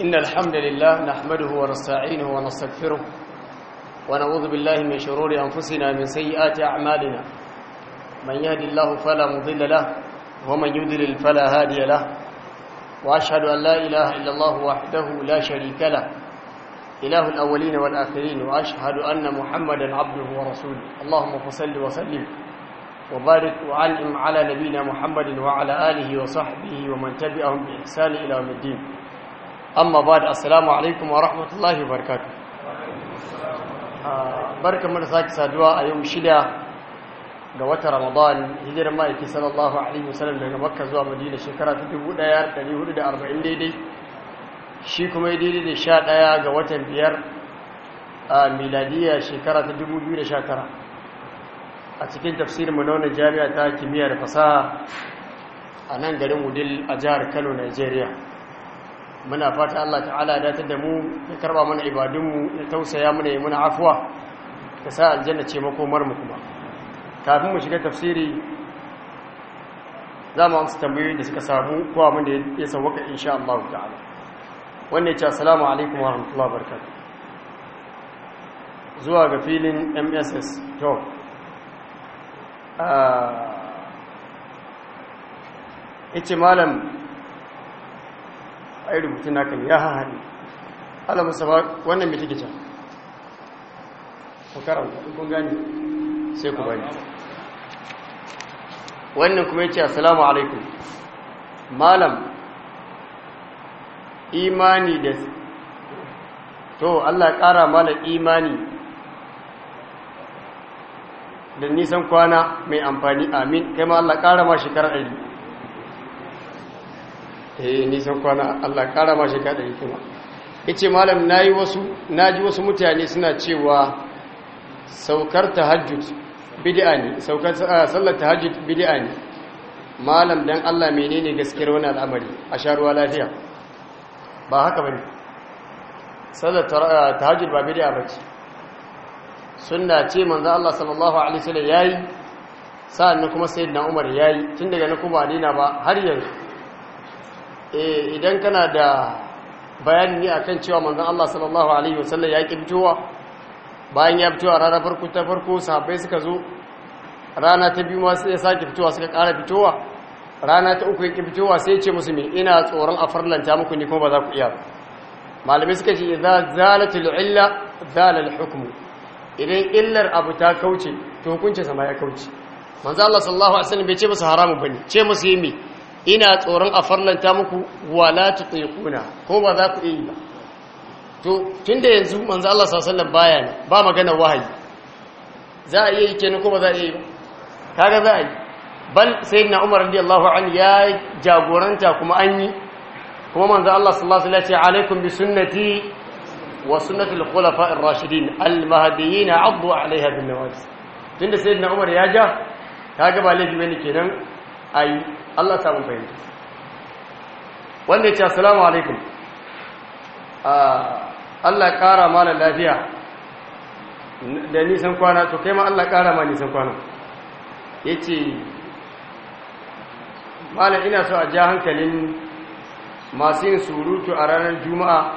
إن الحمد لله نحمده ونستعينه ونستغفره ونعوذ بالله من شرور أنفسنا من سيئات أعمالنا من يهد الله فلا مضل له ومن يضلل فلا هادي له وأشهد أن لا إله إلا الله وحده لا شريك له إله الأولين والآخرين وأشهد أن محمدا عبده ورسوله اللهم صل وسلم وبارك وعلم على نبينا محمد وعلى آله وصحبه ومن تبعهم بإحسان إلى يوم الدين amma ba da assalamu alaikum wa rahmatullahi wa barkatu ah, barka mu da sake saduwa a yau shida ga wata ramadan hijirar ma'aiki sallallahu alaihi wasallam daga makka zuwa madina shekara ta 1440 daidai shi kuma ya daidai da sha ɗaya ga watan biyar a miladiya shekara ta 2019 a cikin tafsirin manonar jami'a ta kimiyya da fasaha a nan garin wudil a jihar kano nigeria muna fata Allah ta'ala ya datar da mu ya karba mana ibadunmu ya tausaya mana ya muna afuwa ta sa aljanna ce makomar mu kuma kafin mu shiga tafsiri za mu amsa tambayoyi da suka samu ko abin da ya sauwaka insha Allah ta'ala wannan ya ce assalamu alaikum wa rahmatullahi barakatuh zuwa ga filin MSS to ah, a ce malam ai rubutun naka ne ya hahani Allah ba wannan mai tikita can ku karanta kun gani sai ku bani wannan kuma ya ce assalamu alaikum malam imani da to Allah kara mana imani da nisan kwana mai amfani amin kai ma Allah kara ma shekarar ɗari eh nisan kwana Allah kara ma shi kada hikima yace malam nayi wasu naji wasu mutane suna cewa saukar tahajjud bid'a ne saukar ah, sallar tahajjud bid'a ne malam dan Allah menene gaskiyar wani al'amari a sharuwa lafiya ba haka bane sallar ah, tahajjud ba bid'a bace sunna ce manzo Allah sallallahu alaihi wasallam yayi sa'an kuma sayyidina Umar yayi tun daga na kuma dina ba har yanzu Eh, idan kana da bayani akan cewa manzon Allah sallallahu alaihi wasallam ya kibtowa bayan ya fitowa rana farko ta farko sahabbai suka zo rana ta biyu masu sai ya sake fitowa suka ƙara fitowa rana ta uku ya fitowa sai ya ce musu mai ina tsoron a farlanta muku ne kuma ba za ku iya ba? Malami suka ce idza zalatul illa zala al hukm idan illar abu ta kauce to hukunci sama ya kauce manzo Allah sallallahu alaihi wasallam bai ce musu haramu bane ce musu yi me ina tsoron a farlanta muku wala ta tutiquna ko ba za ku yi ba to da yanzu manzo Allah sallallahu alaihi wasallam baya ne ba magana wahayi za a iya yi kenan ko ba za a yi ba kaga za a yi bal sayyidina Umar radiyallahu anhu ya jagoranta kuma an yi kuma manzo Allah sallallahu alaihi wasallam ya ce alaikum bi sunnati wa sunnatul khulafa'ir rashidin al-mahdiyyin 'addu 'alayha bin tun da sayyidina Umar ya ja kaga ba laifi bane kenan ai Allah ta mafi fahimta wanda ya ce assalamu alaikum Allah ƙara mana lafiya da nisan kwana to kai ma Allah ƙara ma nisan kwana ya ce malam ina so a ja hankalin masu yin surutu a ranar juma'a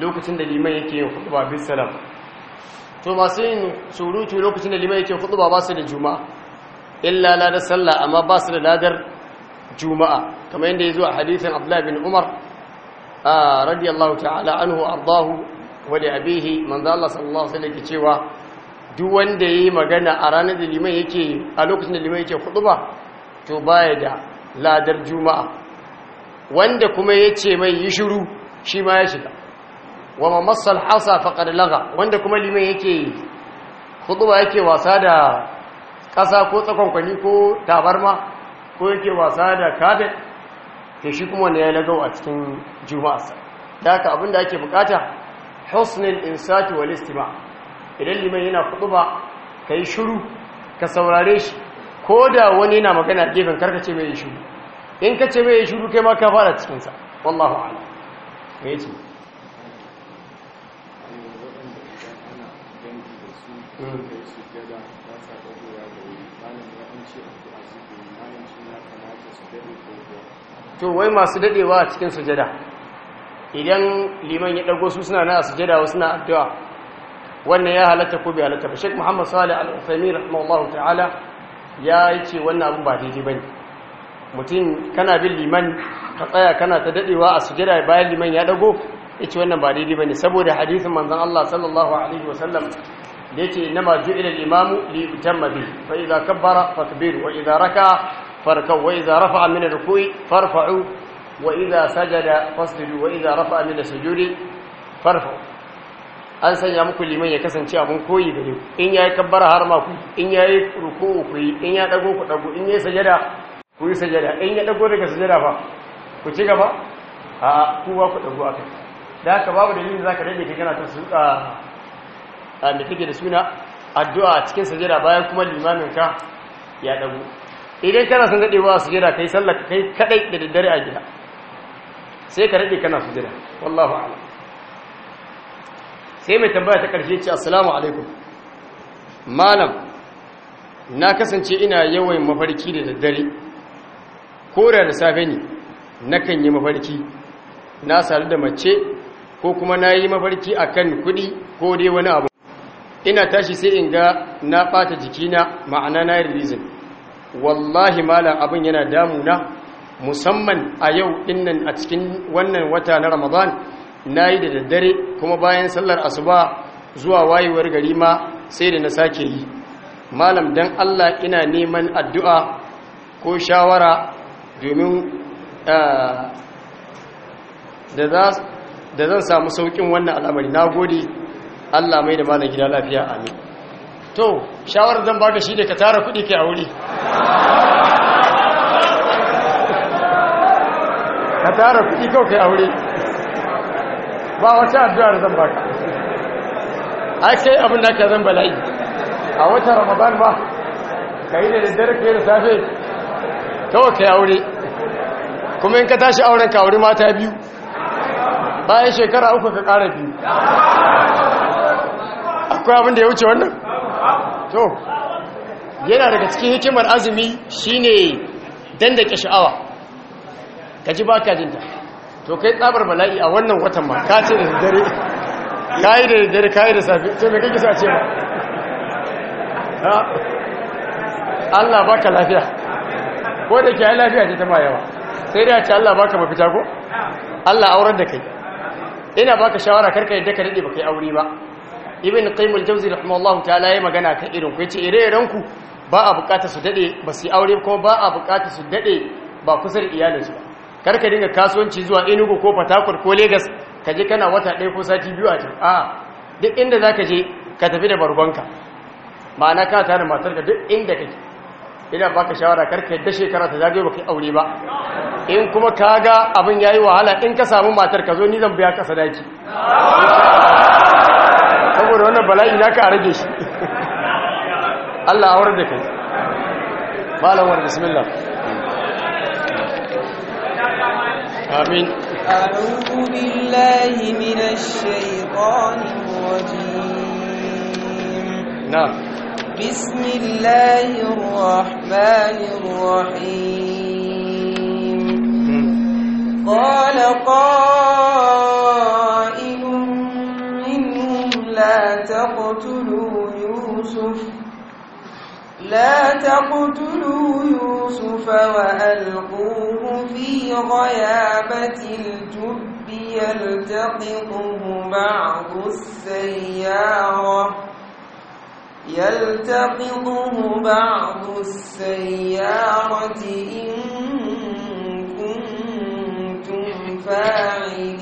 lokacin da liman yake yin hudu ba bisalam to masu yin surutu lokacin da liman yake hudu ba ba su da juma'a illa ladar sallah amma ba su da ladar juma'a kamar yadda ya zo a hadisin abdullahi bin umar radiyallahu ta'ala anhu ardahu wa li abihi manzo Allah sallallahu alaihi wasallam cewa duk wanda yayi magana a ranar da liman yake a lokacin da liman yake khutba to baya da ladar juma'a wanda kuma yace mai yi shiru shi ma ya shiga wa mamassal hasa faqad laga wanda kuma liman yake khutba yake wasa da ƙasa ko tsakonkwani ko tabarma ko yake wasa da kafet to shi kuma ne ya lagau a cikin juma'arsa da haka abinda ake bukata husnul insati wal istima idan liman yana ka kai shiru ka saurare shi ko da wani yana magana gefen karkace mai shiru in ka ce mai shiru kai ma ka fara cikin wallahu a'lam Mm. to wai masu dadewa a cikin sujada idan liman ya dago su suna na sujada wasu na addu'a wannan ya halatta ko bai halatta ba Sheikh Muhammad Salih Al-Uthaymeen rahimahullahu ta'ala ya yi ce wannan abin ba daidai bane mutum kana bin liman ka tsaya kana ta dadewa a sujada bayan liman ya dago yace wannan ba daidai bane saboda hadisin manzon Allah sallallahu alaihi wasallam da yace inma ju'ila al-imamu li yutamma bi fa idza kabbara fakbir wa idza raka'a فاركعوا وإذا رفع من الركوع فارفعوا وإذا سجد فاسجدوا وإذا رفع من السجود فارفعوا an sanya muku liman ya kasance abin koyi da ku in yayi kabbara har ma ku in yayi ruku'u ku in ya dago ku dago in yayi sajada ku yi sajada in ya dago daga sajada fa ku ci gaba a ku ba ku dago akai da haka babu dalilin za ka rage ka kana ta su a da kake da suna addu'a cikin sajada bayan kuma limamin ka ya dago idan kana son jira, ka yi kai ka kai kaɗai da daddare a gida sai ka rade kana sujada wallahu ala sai mai tambaya ta ƙarfi ce assalamu alaikum malam na kasance ina yawan mafarki da daddare ko da safe ne na kan yi mafarki na sadu da mace ko kuma na yi mafarki a kan kuɗi ko dai wani abu ina tashi sai in ga na ɓata jikina ma'ana na yi reason wallahi malam abin yana damuna musamman a yau dinnan a cikin wannan wata na ramadan na yi da daddare kuma bayan sallar asuba zuwa wayewar gari ma sai da na sake yi malam don allah ina neman addu'a ko shawara domin ah, da zan samu saukin wannan al'amari na gode allah mai da malam gida lafiya amin to shawarar zan da shi da ka tara kuɗi ke a wuri ka tara kuɗi kau kai a wuri ba wata addu'ar zan baka ai kai abin da ka zan bala'i a wata ramadan ba ka yi da daddare kai da safe kawai kai a wuri kuma in ka tashi auren ka wuri mata biyu bayan shekara uku ka ƙara biyu akwai abin da ya wuce wannan to yana daga cikin hikimar azumi shine ke sha'awa ka ji baka jinta to kai tsabar bala'i a wannan watan ma ka ce da dare yi da dare yi da safi to mai kake sa ce ba Allah baka lafiya ko da ke lafiya ce ta ma yawa sai dai a ce Allah baka mafita ko Allah auren da kai ina baka shawara karka yadda ka dade ba kai aure ba ibn qayyim al-jawzi rahimahullahu ta'ala yayi magana ka irin ku yace ire-iren ku ba a bukata su dade ba su aure kuma ba a bukata su dade ba kusa da iyalinsu ba kar ka dinga kasuwanci zuwa Enugu ko Fatakur ko Lagos ka je kana wata ɗaya ko sati biyu a can a duk inda zaka je ka tafi da barbanka, ma'ana ka tare ka duk inda kake ina baka shawara kar ka yadda shekara ta zagaye baka aure ba in kuma ka ga abin yayi wahala in ka samu matar ka zo ni zan biya ka sadaki saboda wannan bala'i na ka rage shi Allah a wurin da kai malamar bismillah amin أعوذ بالله من الشيطان الرجيم نعم بسم الله الرحمن الرحيم قال قال تقتلوا يوسف لا تقتلوا يوسف وألقوه في غيابة الجب يلتقطه بعض السيارة يلتقطه بعض السيارة إن كنتم فاعلين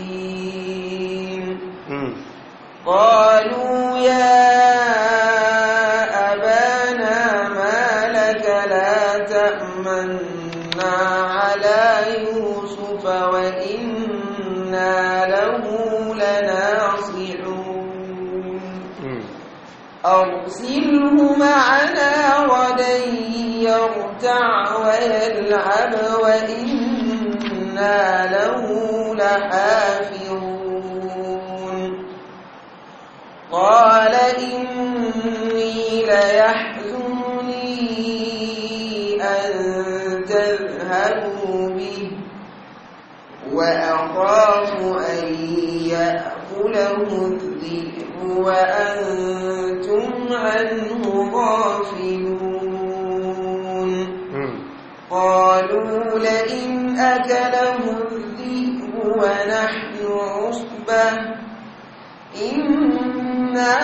قالوا يا أبانا ما لك لا تأمنا على يوسف وإنا له لناصحون أرسله معنا غدا يرتع ويلعب وإنا له لحافظون قال إني ليحزنني أن تذهبوا به وأخاف أن يأكله الذئب وأنتم عنه غافلون قالوا لئن أكله الذئب ونحن عصبة إن إنا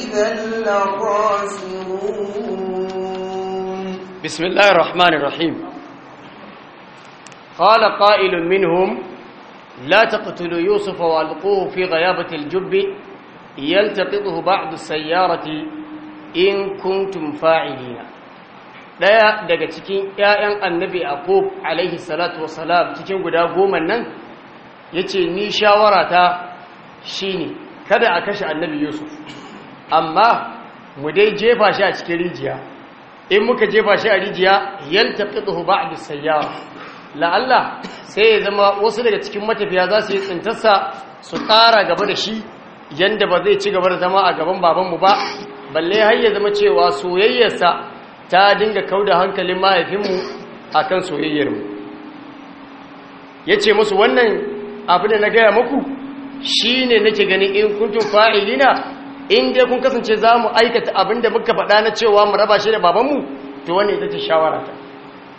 إذا لخاسرون بسم الله الرحمن الرحيم قال قائل منهم لا تقتلوا يوسف والقوه في غيابة الجب يلتقطه بعض السيارة in kuntum fa'ilina daya daga cikin ƴaƴan annabi aqub alaihi salatu wassalam cikin guda goma nan yace ni shawarata. Shi ne, kada a kashe annabi yusuf amma mu dai jefa shi a cikin rijiya in muka jefa shi a rijiya tsohu ba a sayyara la'alla sai ya zama wasu daga cikin matafiya za su yi tsintarsa su ƙara gaba da shi yadda ba zai ci gaba da zama a gaban babanmu ba balle har ya zama cewa soyayyarsa ta dinga kauda hankalin mahaifinmu a kan soyayyarmu ya ce musu wannan abu da na gaya muku Shi ne nake ganin in tun fa'ilina in dai kun kasance za mu aikata abin da muka faɗa na cewa mu raba shi da babanmu to wani ita ce shawara ta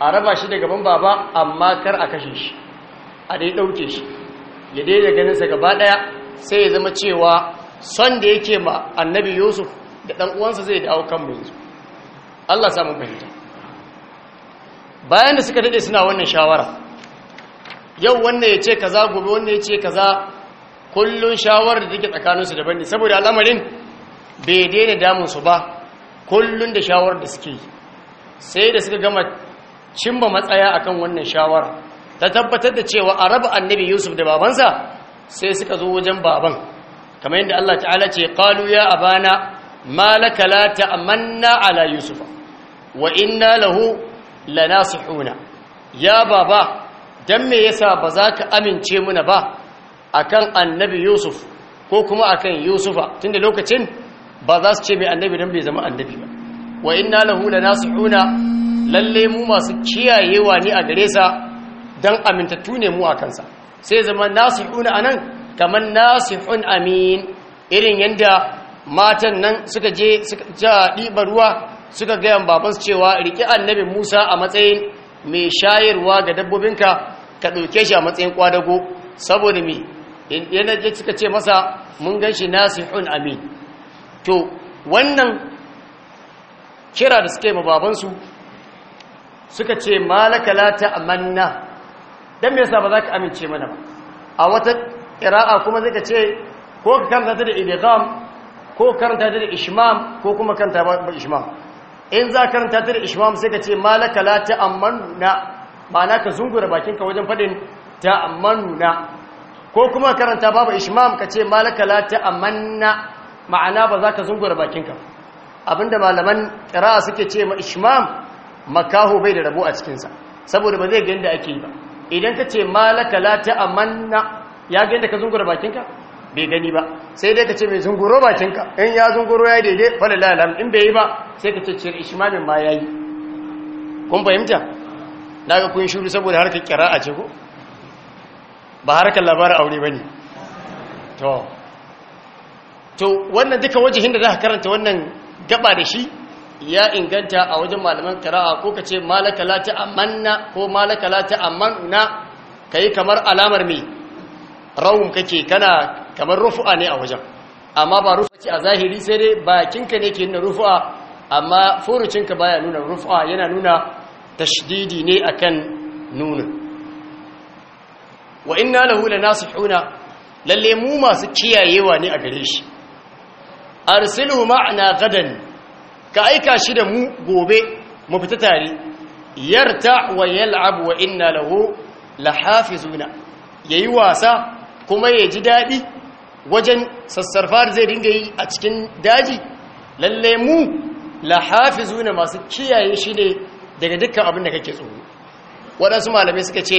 a raba shi da gaban baba amma kar a kashe shi a dai ɗauke shi ya dai da ganinsa gaba ɗaya sai ya zama cewa son da yake ma annabi yusuf da ɗan uwansa zai dawo kan mu yanzu allah samun fahimta bayan da suka daɗe suna wannan shawara yau wannan ya ce kaza gobe wannan ya ce kaza kullun shawarar da ke tsakaninsu daban ne saboda al'amarin bai daina damunsu ba kullun da shawarar da suke sai da suka gama cimma matsaya akan wannan shawarar. ta tabbatar da cewa a raba annabi yusuf da babansa sai suka zo wajen baban kamar yadda allah ta'ala ce ƙalu ya abana malaka la ta'manna ala yusufa wa inna lahu lanasihuna ya baba dan me yasa ba za ka amince muna ba akan annabi yusuf ko kuma akan yusufa tunda lokacin ba za su ce mai annabi don bai zama annabi ba wa ina lahu da lanasihuna lalle mu masu kiyayewa ne a gare sa don amintattu ne mu a kansa sai zama nan anan nasu nasihun amin irin yadda matan nan suka je suka ɗiba ruwa suka gaya babansu cewa riƙe annabi musa a matsayin mai shayarwa ga dabbobinka ka ɗauke shi a matsayin kwadago saboda mai. yana je suka ce masa mun gan shi nasihun amin to wannan kira da suka yi babansu suka ce malaka la ta'manna dan me yasa ba za ka amince mana ba a wata qira'a kuma zai ka ce ko ka karanta ta da idgham ko karanta ta da ishmam ko kuma karanta ba ishmam in za karanta ta da ishmam sai ka ce malaka la ta'manna na ka zungura bakinka wajen fadin ta'manna ko kuma karanta babu ishmam ka ce malaka la ta'amanna ma'ana ba za ka zungura bakinka abinda malaman qira'a suke ce ma ishmam makahu bai da rabu a cikinsa, sa saboda ba zai ga yanda ake yi ba idan ka ce malaka la ta'amanna ya ga yanda ka zungura bakinka bai gani ba sai dai ka ce mai zunguro bakinka in ya zunguro yayi daidai falala alham in bai yi ba sai ka ce cire ishmamin ma yi. kun fahimta daga kun shiru saboda harkar qira'a ce ko ba kan labarin aure ba ne to wannan duka wajihin da za karanta wannan gaba da shi ya inganta a wajen malaman kara'a ko ka ce malaka a manna, ko malaka manna ka yi kamar alamar mai rawun kake kana kamar rufu'a ne a wajen amma ba rufu'a ce a zahiri sai dai bakinka ne ke nuna rufu'a amma furucinka baya nuna rufu'a yana nuna tashdidi ne akan nunin wa inna lahu lanasihuna lalle mu masu kiyayewa ne a gare shi arsilhu ma'ana gadan ka aika shi da mu gobe mu fita tare yarta wa yal'ab wa inna lahu lahafizuna yayi wasa kuma ya ji dadi wajen sassarfar zai dinga yi a cikin daji lalle mu lahafizuna masu kiyaye shi ne daga dukkan abin da kake tsoro waɗansu malamai suka ce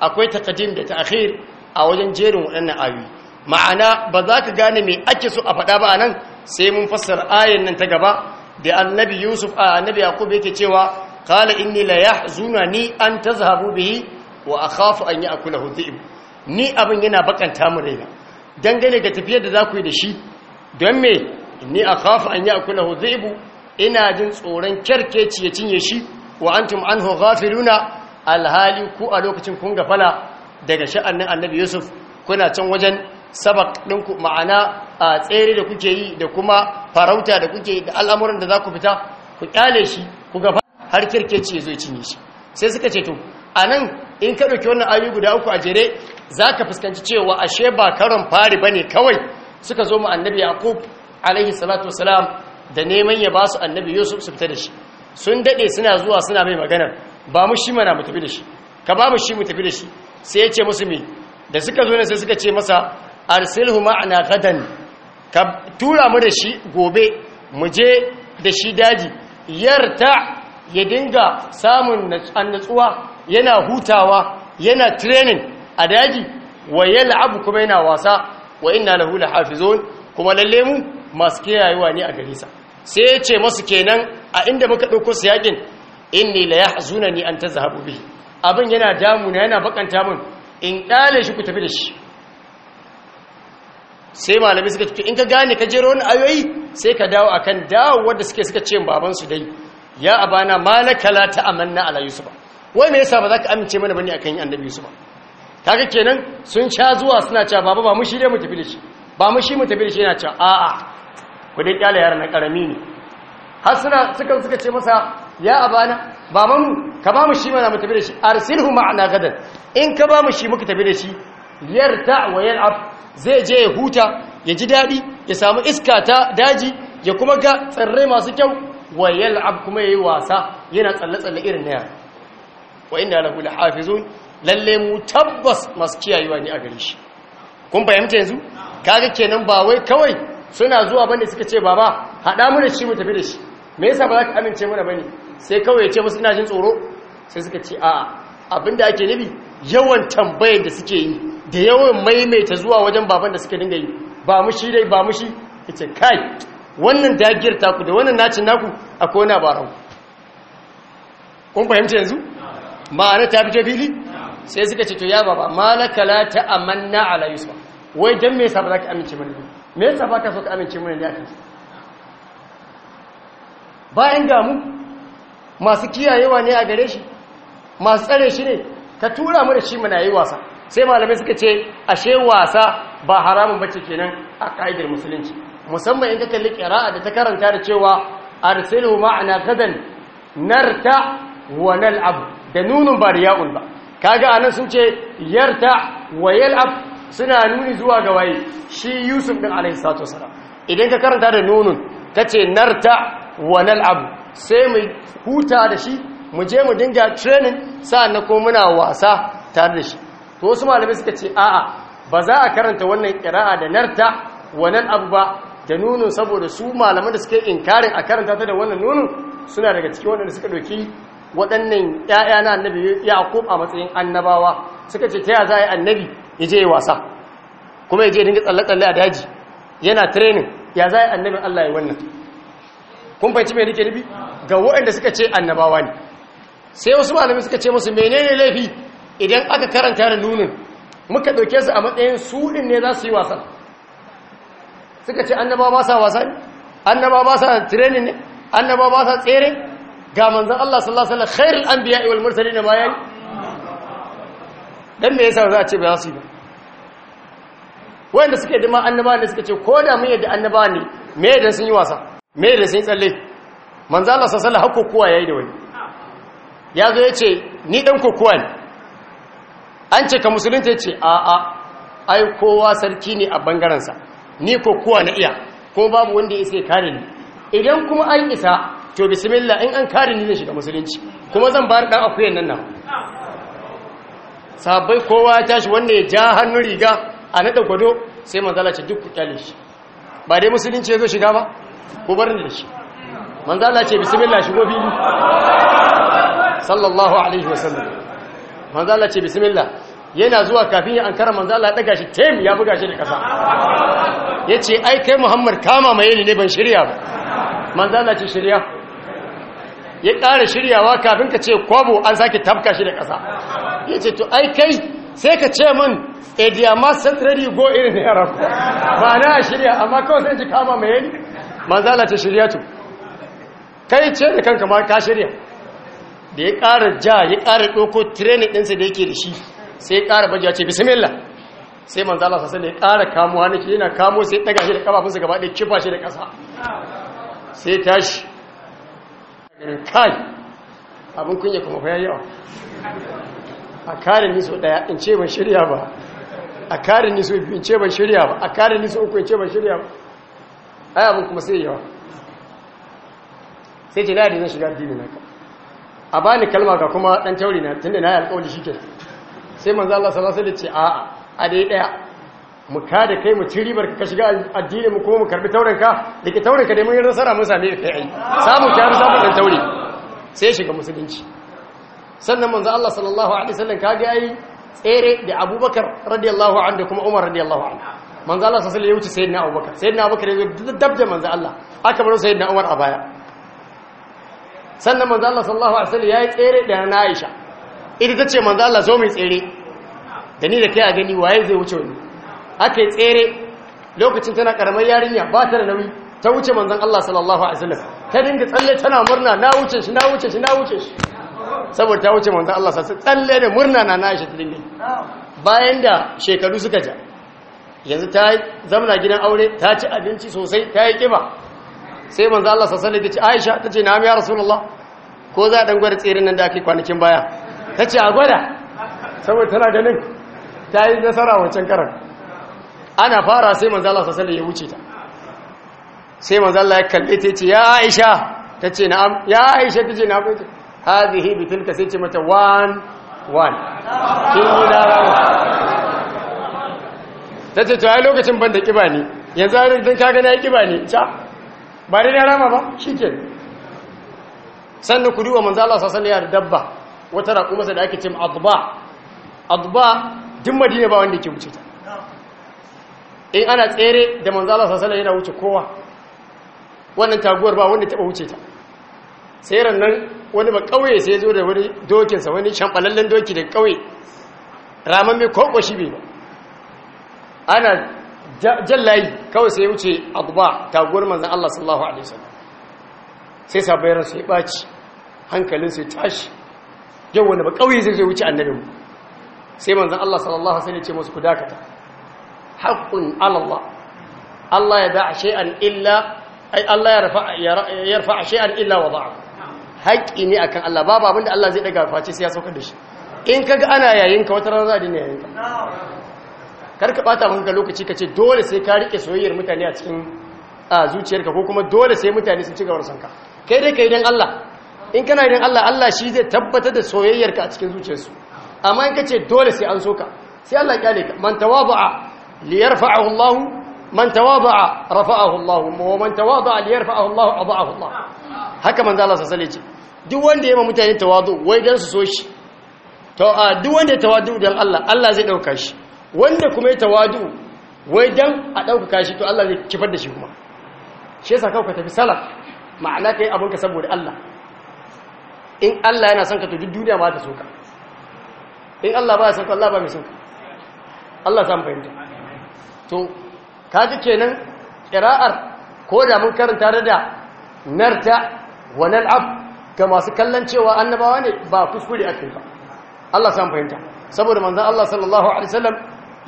akwai takadim da ta'khir a wajen jerin waɗannan ayoyi ma'ana ba za ka gane me ake so a faɗa ba nan sai mun fassara ayan nan ta gaba da annabi yusuf a annabi yaqub yake cewa qala inni la ni an tazhabu bihi wa akhafu an ya'kulahu dhi'b ni abin yana bakanta mu raina dangane ga tafiyar da za ku yi da shi don me ni akhafu an ya'kulahu dhi'b ina jin tsoron kyarkeci ya cinye shi wa antum anhu ghafiluna alhali ku a lokacin kun gafala daga sha'annin annabi yusuf kuna can wajen sabak ɗinku ma'ana a tsere da kuke yi da kuma farauta da kuke yi da al'amuran da za ku fita ku ƙyale shi ku gafa har kirke ce zo cinye shi sai suka ce to a nan in ka ɗauki wannan ayoyi guda uku a jere za ka fuskanci cewa ashe ba karon fari ba ne kawai suka zo mu annabi yaqub alaihi salatu wasalam da neman ya ba su annabi yusuf su fita da shi sun daɗe suna zuwa suna mai maganar ba mu shi mana mu tafi da shi ka ba mu shi mu tafi da shi sai ya ce musu me da suka zo ne sai suka ce masa arsilhu ma'ana gadan ka tura mu da shi gobe mu je da shi daji yarta ya dinga samun annatsuwa yana hutawa yana training a daji wa yal'abu kuma yana wasa wa inna lahu lahafizun kuma lalle mu masu kiyayewa ne a garisa sai ya ce masu kenan a inda muka ɗauko su yakin inni la yahzunani an tazhabu bihi abin yana damuna yana bakanta mun in dale shi ku tafi da shi sai malami suka tafi in ka gane ka jero wani ayoyi sai ka dawo akan dawo wanda suke suka ce baban su dai ya abana malaka la ta'amanna ala yusufa wai me yasa ba za ka amince mana bane akan annabi yusufa kaga kenan sun sha zuwa suna cewa baba ba mu shi dai mu tafi da shi ba mu shi mu tafi da shi yana cewa a'a ku dai kyale yaran na karami ne har suna suka suka ce masa ya abana babanmu ka ba mu shi mana mu tafi da shi arsilhu ma'ana gadan in ka ba mu shi muka tafi da shi yarta wa yal'ab zai je ya huta ya ji daɗi ya samu iska ta daji ya kuma ga tsirrai masu kyau wa yal'ab kuma yayi wasa yana tsalle-tsalle irin naya wa inna lahu lahafizun lalle mu tabbas masu kiyayewa ne a gare shi kun fahimta yanzu kaga kenan ba wai kawai suna zuwa bane suka ce baba hada mu da shi mu tafi da shi me yasa ba za ka amince mana bane sai kawai ya ce musu ina tsoro sai suka ce a'a abinda ake nabi yawan tambayar da suke yi da yawan maimaita zuwa wajen baban da suka dinga yi ba mu shi dai ba mu shi ce kai wannan dagiyar taku da wannan nacin naku akwai wani kun fahimci yanzu ma'ana ta fito fili sai suka ce to ya baba malaka la ta'amanna ala yusuf wai dan me yasa ba za ka amince mana me yasa ba ka so ka amince mana ne bayan ga mu masu kiyayewa ne a gare shi masu tsare shi ne ka tura mu shi muna yi wasa sai malamai suka ce ashe wasa ba haramun bacci kenan a ka'idar musulunci musamman in ka kalli qira'a da ta karanta da cewa arsilu ma'ana gadan narta wa nal'ab da nunun ba riya'un ba kaga anan sun ce yarta wa yal'ab suna nuni zuwa ga shi Yusuf din alaihi salatu wasalam idan ka karanta da nunun tace narta wa nal'ab sai mu huta da shi mu je mu dinga training sa'annan ko muna wasa tare da shi to wasu malamai suka ce a'a ba za a karanta wannan kira'a da narta wannan abu ba da nunun saboda su malaman da suke inkarin a karanta ta da wannan nunun suna daga cikin wanda suka ɗauki waɗannan ƴaƴa na annabi yaqub a matsayin annabawa suka ce ta ya za a yi annabi ya je wasa kuma ya je dinga tsalle-tsalle a daji yana training ya za a yi annabin allah ya wannan kun fahimci mai nake nufi ga waɗanda suka ce annabawa ne sai wasu malamai suka ce musu menene laifi idan aka karanta da nunin muka ɗauke su a matsayin su ne za su yi wasan suka ce annabawa ba sa wasa ne annabawa ba sa tirenin ne annabawa ba sa tsere ga manzan Allah sallallahu alaihi wasallam khairul anbiya wal mursalin bayan dan me yasa za a ce ba za su yi ba wanda suka yi ma annabawa ne suka ce ko da mun yadda annabawa ne me yadda sun yi wasa me da sai tsalle manzo Allah sallallahu alaihi wasallam yayi da wani ya zo yace ni dan kokowa ne an ce ka musulunta yace a a ai kowa sarki ne a bangaren sa ni kokowa na iya ko babu wanda yake kare ni idan kuma an isa to bismillah in an kare ni zan shiga musulunci kuma zan bar dan akuyan nan nan sabai kowa ya tashi wanda ya ja hannun riga a nada gwado sai manzala ce duk ku kyale shi ba dai musulunci ya zo shiga ba ko bar ni da shi manzo Allah ce bismillah shigo fili sallallahu alaihi wasallam manzo Allah ce bismillah yana zuwa kafin ya ankara manzo Allah daga shi tem ya buga shi da kasa yace ai kai Muhammad kama mai ne ban shirya ba manzo Allah ce shirya ya ƙara shiryawa kafin ka ce kwabo an sake tafka shi da kasa yace to ai kai sai ka ce min ediyama satrari go irin yaran ba na shirya amma kawai sai ji kama mai ne manzala ta shirya tu kai ce da kanka ma ka shirya da ya ƙara ja ya ƙara ɗoko training ɗinsa da yake da shi sai ya ƙara bajiya ce bismillah sai manzala sassan da ya ƙara kamo hannun yana kamo sai ɗaga shi da ƙafafunsa gaba ɗaya kifa shi da ƙasa sai tashi kai abin kunya kuma fa yawa a kare ni so daya in ce ban shirya ba a kare ni in ce ban shirya ba a kare ni uku in ce ban shirya ba Aya abin kuma sai yawa sai ce na yadda zan shiga addini ka. a bani kalma ga kuma dan tauri na tunda na yi alƙawari shi ke sai manzo Allah sallallahu alaihi wasallam ce a'a a dai daya mu ka da kai mu ciri barka ka shiga addini mu kuma mu karbi taurin ka da ke taurin ka dai mun yi nasara mun same kai ai samu ka yi samu dan tauri sai shiga musulunci sannan manzo Allah sallallahu alaihi wasallam kage ai tsere da Abubakar radiyallahu anhu da kuma Umar radiyallahu anhu manzo Allah sallallahu ya wuce sayyidina Abubakar sayyidina Abubakar ya dab da manzo Allah aka bar sayyidina Umar a baya sannan manzo Allah sallallahu alaihi wasallam yayi tsere da na Aisha ta tace manzo Allah zo mai tsere da ni da kai a gani waye zai wuce wani aka yi tsere lokacin tana karamar yarinya ba ta da nauyi ta wuce manzon Allah sallallahu alaihi wasallam ta dinga tsalle tana murna na wuce shi na wuce shi na wuce shi saboda ta wuce manzon Allah sallallahu alaihi wasallam tsalle da murna na na Aisha ta dinga bayan da shekaru suka ja yanzu ta zamana gidan aure ta ci abinci sosai ta yi kima sai manzo Allah sallallahu alaihi wasallam Aisha ce na ya rasulullah ko za dan gwada tsirin nan da ake kwanakin baya ta ce a gwada saboda tana ganin ta yi nasara wancan karan ana fara sai manzo Allah sallallahu alaihi wasallam ya wuce ta sai manzo Allah ya kalle ta ce ya Aisha ta na'am ya Aisha tace na'am hadhihi bitilka sai ce mata wan kin yi na rawa ta ce to ai lokacin ban da kiba ne yanzu har dan ka gani ai kiba ne ta ba dai rama ba shike sannan ku duba manzo Allah sallallahu alaihi wasallam ya dabba wata masa da ake cewa adba adba duk madina ba wanda ke wuce ta in ana tsere da manzo Allah sallallahu alaihi wasallam yana wuce kowa wannan taguwar ba wanda taba wuce ta sai nan wani ba kauye sai zo da wani dokinsa wani shambalallen doki da kauye raman mai kwakwashi bai ba ana jallayi kawai sai wuce abuwa taguwar manzan Allah sallallahu Alaihi wasallam sai sabayaran sai ɓaci hankalin sai tashi yau wani ba ƙauye sai sai wuce annabin sai manzan Allah sallallahu Alaihi wasallam ce musu ku dakata haƙƙun Allah Allah ya da'a shay'an illa ai Allah ya rafa ya rafa shay'an illa wada'a haƙƙi ne akan Allah babu abinda Allah zai daga face sai ya sauka da shi in kaga ana yayin ka wata rana za a dinga yayin ka kar ka bata maka lokaci ka ce dole sai ka rike soyayyar mutane a cikin zuciyarka ko kuma dole sai mutane sun ci gaba gaban sanka kai dai kai dan Allah in kana dan Allah Allah shi zai tabbatar da soyayyarka a cikin zuciyarsu amma in ka ce dole sai an so ka sai Allah kyale ka man tawaba'a liyarfa'ahu Allah man tawaba'a rafa'ahu Allah wa man tawaba'a liyarfa'ahu Allah adha'ahu Allah haka manzo Allah sallallahu alaihi wasallam duk wanda ya ma mutane tawadu wai dan su so shi to duk wanda ya tawadu dan Allah Allah zai dauka shi wanda kuma ya tawadu wai dan a ɗaukaka shi to Allah zai kifar da shi kuma shi yasa kawai ka tafi salat ma'ana kai abin ka saboda Allah in Allah yana son ka to duk duniya ma ta so ka in Allah ba ya son ka Allah ba mai son ka Allah san fahimta to ji kenan kira'ar ko da mun karanta da narta wa nal'ab ga masu kallon cewa annabawa ne ba kuskure ake ba Allah san fahimta saboda manzon Allah sallallahu alaihi wasallam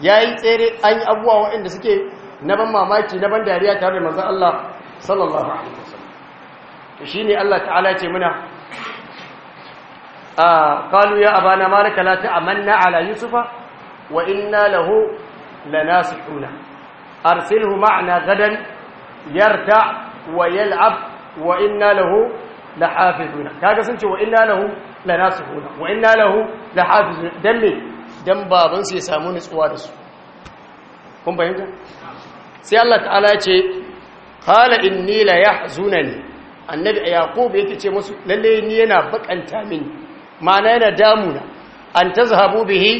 ya yi tsere an yi abuwa waɗanda suke na ban mamaki na ban dariya tare da manzan Allah sallallahu alaihi wasallam to shi ne Allah ta'ala ce muna a ah, kalu ya abana malaka a manna ala yusufa wa inna lahu lanasihuna arsilhu ma'ana gadan yarta wa yal'ab wa inna lahu lahafizuna kaga sun ce wa inna lahu lanasihuna wa inna lahu lahafizuna dan me don babansu ya samu nutsuwa da su kun fahimta sai Allah ta'ala ce qala inni la yahzunani annabi yaqub yake ce musu lalle ni yana bakanta mini ma'ana yana damuna an tazhabu bihi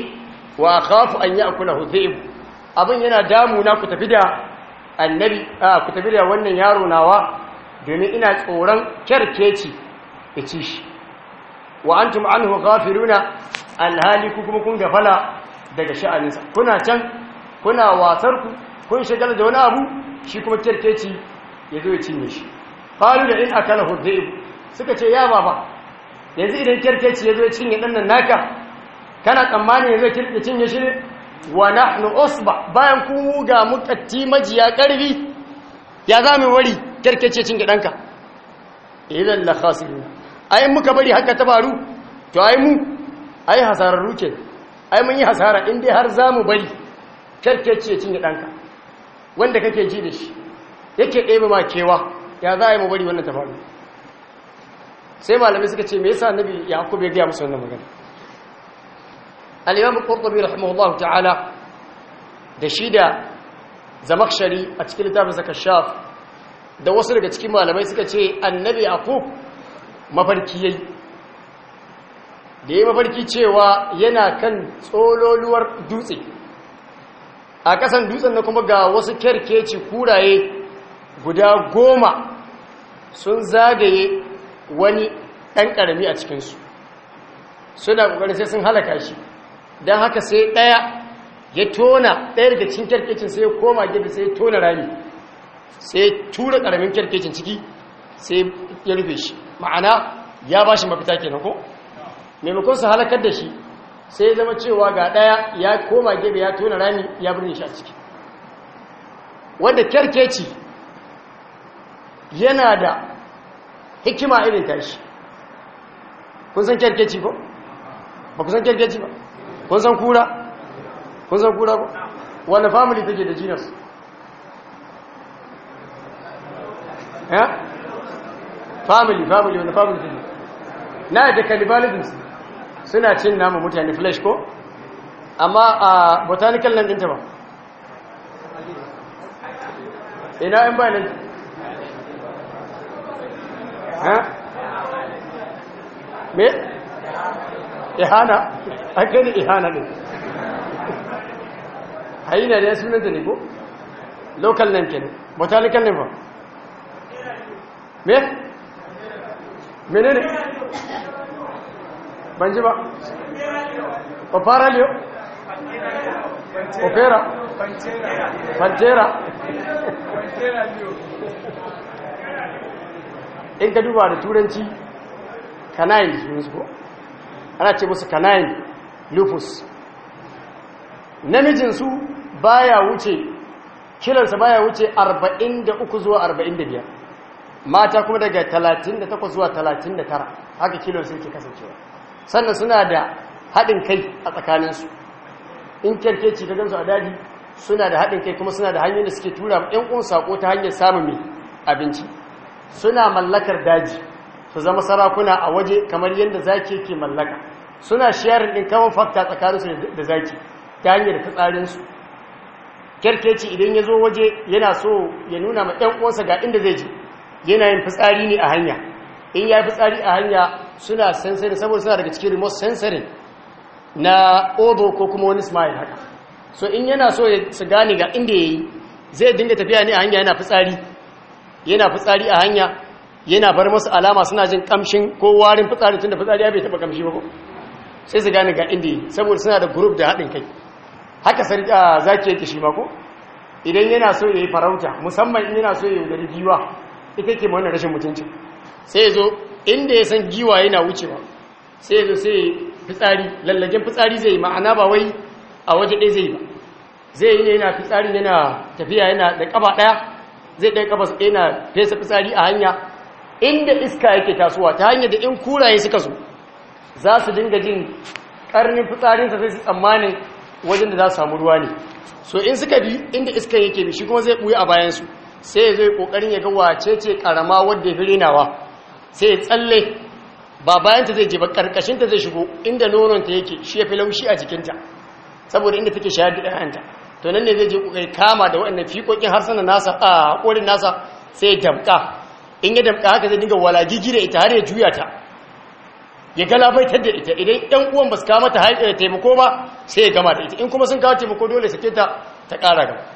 wa akhafu an ya'kulahu dhi'b abin yana damuna ku tafi da annabi ku tafi da wannan yaro nawa domin ina tsoron kyarkeci ya ci shi wa antum anhu ghafiruna alhali kuma kun gafala daga sha'aninsa kuna can kuna wasar ku kun shagala da wani abu shi kuma kirkeci ya zo ya cinye shi qalu da in akalahu dhib suka ce ya baba yanzu idan kirkeci ya zo ya cinye dan naka kana tsammani yanzu kirkeci cinye shi wa nahnu usba bayan ku ga mukatti majiya karfi ya za mu wari kirkeci cinye danka idan la khasiruna ai muka bari haka ta faru to ai mu ai hasararru ke ai mun yi hasara in dai har zamu bari karkace cin cinye danka wanda kake ji da shi yake ɗebe ma kewa ya za a yi mu bari wannan ta faru sai malamai suka ce me yasa nabi ku ya gaya musu wannan magana al-imam rahimahullahu ta'ala da shi da zamakshari a cikin littafin zakashaf da wasu daga cikin malamai suka ce annabi yaqub mafarki yayi da yayi mafarki cewa yana kan tsololuwar dutse a kasan dutsen na kuma ga wasu kerkeci kuraye guda goma sun zagaye wani ɗan ƙarami a cikinsu suna ƙoƙarin sai sun halaka shi don haka sai ɗaya ya tona ɗaya daga cikin kerkecin sai ya koma gida sai ya tona rami sai ya tura ƙaramin kerkecin ciki sai ya rufe shi ma'ana ya ba shi mafita ke ko maimakon su halakar da shi sai zama cewa ga ɗaya ya koma gebe ya tona rami ya birni shi a ciki wanda kyarkeci yana da hikima irin tashi kun san kyarkeci ko? ba ku san kyarkeci ba kun san kura? kun san kura ko? wanda family take da jinas? ya? Eh? family family wani family family na da cannibalism suna cin nama mutane flesh ko amma a botanical land ɗinta ba ina yan bayanin ha? me? ihana an gani ihana ne haina da ya sunanta ne ko? local nan ke ne botanical name ba? me? menene ban ji ba paparalio opera pantera in ka duba da turanci canine yanzu ko ana ce musu canine lupus namijinsu baya wuce kilansa baya wuce 43 zuwa 45 mata kuma daga 38 zuwa 39 haka kilon sai ke kasancewa sannan suna da haɗin kai a tsakaninsu in kyarkeci ta a daji suna da haɗin kai kuma suna da hanyar da suke tura ɗin ƙun saƙo ta hanyar samun mai abinci suna mallakar daji su zama sarakuna a waje kamar yadda zaki ke mallaka suna sharing ɗin kawon fakta tsakaninsu da zaki ta hanyar fitsarinsu kyarkeci idan ya zo waje yana so ya nuna ma ɗan ƙunsa ga inda zai je yana yin fitsari ne a hanya in ya yi fitsari a hanya suna sensorin saboda suna daga cikin remote sensorin na obo ko kuma wani smile haka so in yana so su gani ga inda ya yi zai dinga tafiya ne a hanya yana fitsari yana fitsari a hanya yana bar masu alama suna jin kamshin ko warin fitsari tun da fitsari ya bai taba kamshi ba ko sai su gane ga inda yi saboda suna da group da haɗin kai haka zaki yake shi ko idan yana so ya yi farauta musamman in yana so ya yi gari giwa ita ke ma wani rashin mutunci sai ya zo inda ya san giwa yana wucewa sai ya zo sai fitsari lallagen fitsari zai ma'ana ba wai a waje ɗaya zai ba zai yi ne yana fitsari yana tafiya yana da ƙaba ɗaya zai ɗaya ƙaba yana fesa fitsari a hanya inda iska yake tasowa ta hanyar da in kuraye suka zo za su dinga jin ƙarnin fitsarinsa sai su tsammanin wajen da za su samu ruwa ne so in suka bi inda iska yake bi shi kuma zai buya a bayansu sai zai kokarin ya ga wace ce karama wadda fi rinawa sai tsalle ba bayanta zai je karkashin ta zai shigo inda nonon ta yake shi ya fi laushi a jikinta saboda inda take shayar da ɗayanta to nan ne zai je kokari kama da waɗannan har harsuna nasa a ƙorin nasa sai ya damƙa in ya damka haka zai dinga walagigi da ita har ya juya ta ya galabaitar da ita idan ɗan uwan ba su kama ta eh, taimako ba sai ya gama da ita in kuma sun kawo taimako dole sake ta ta ƙara gaba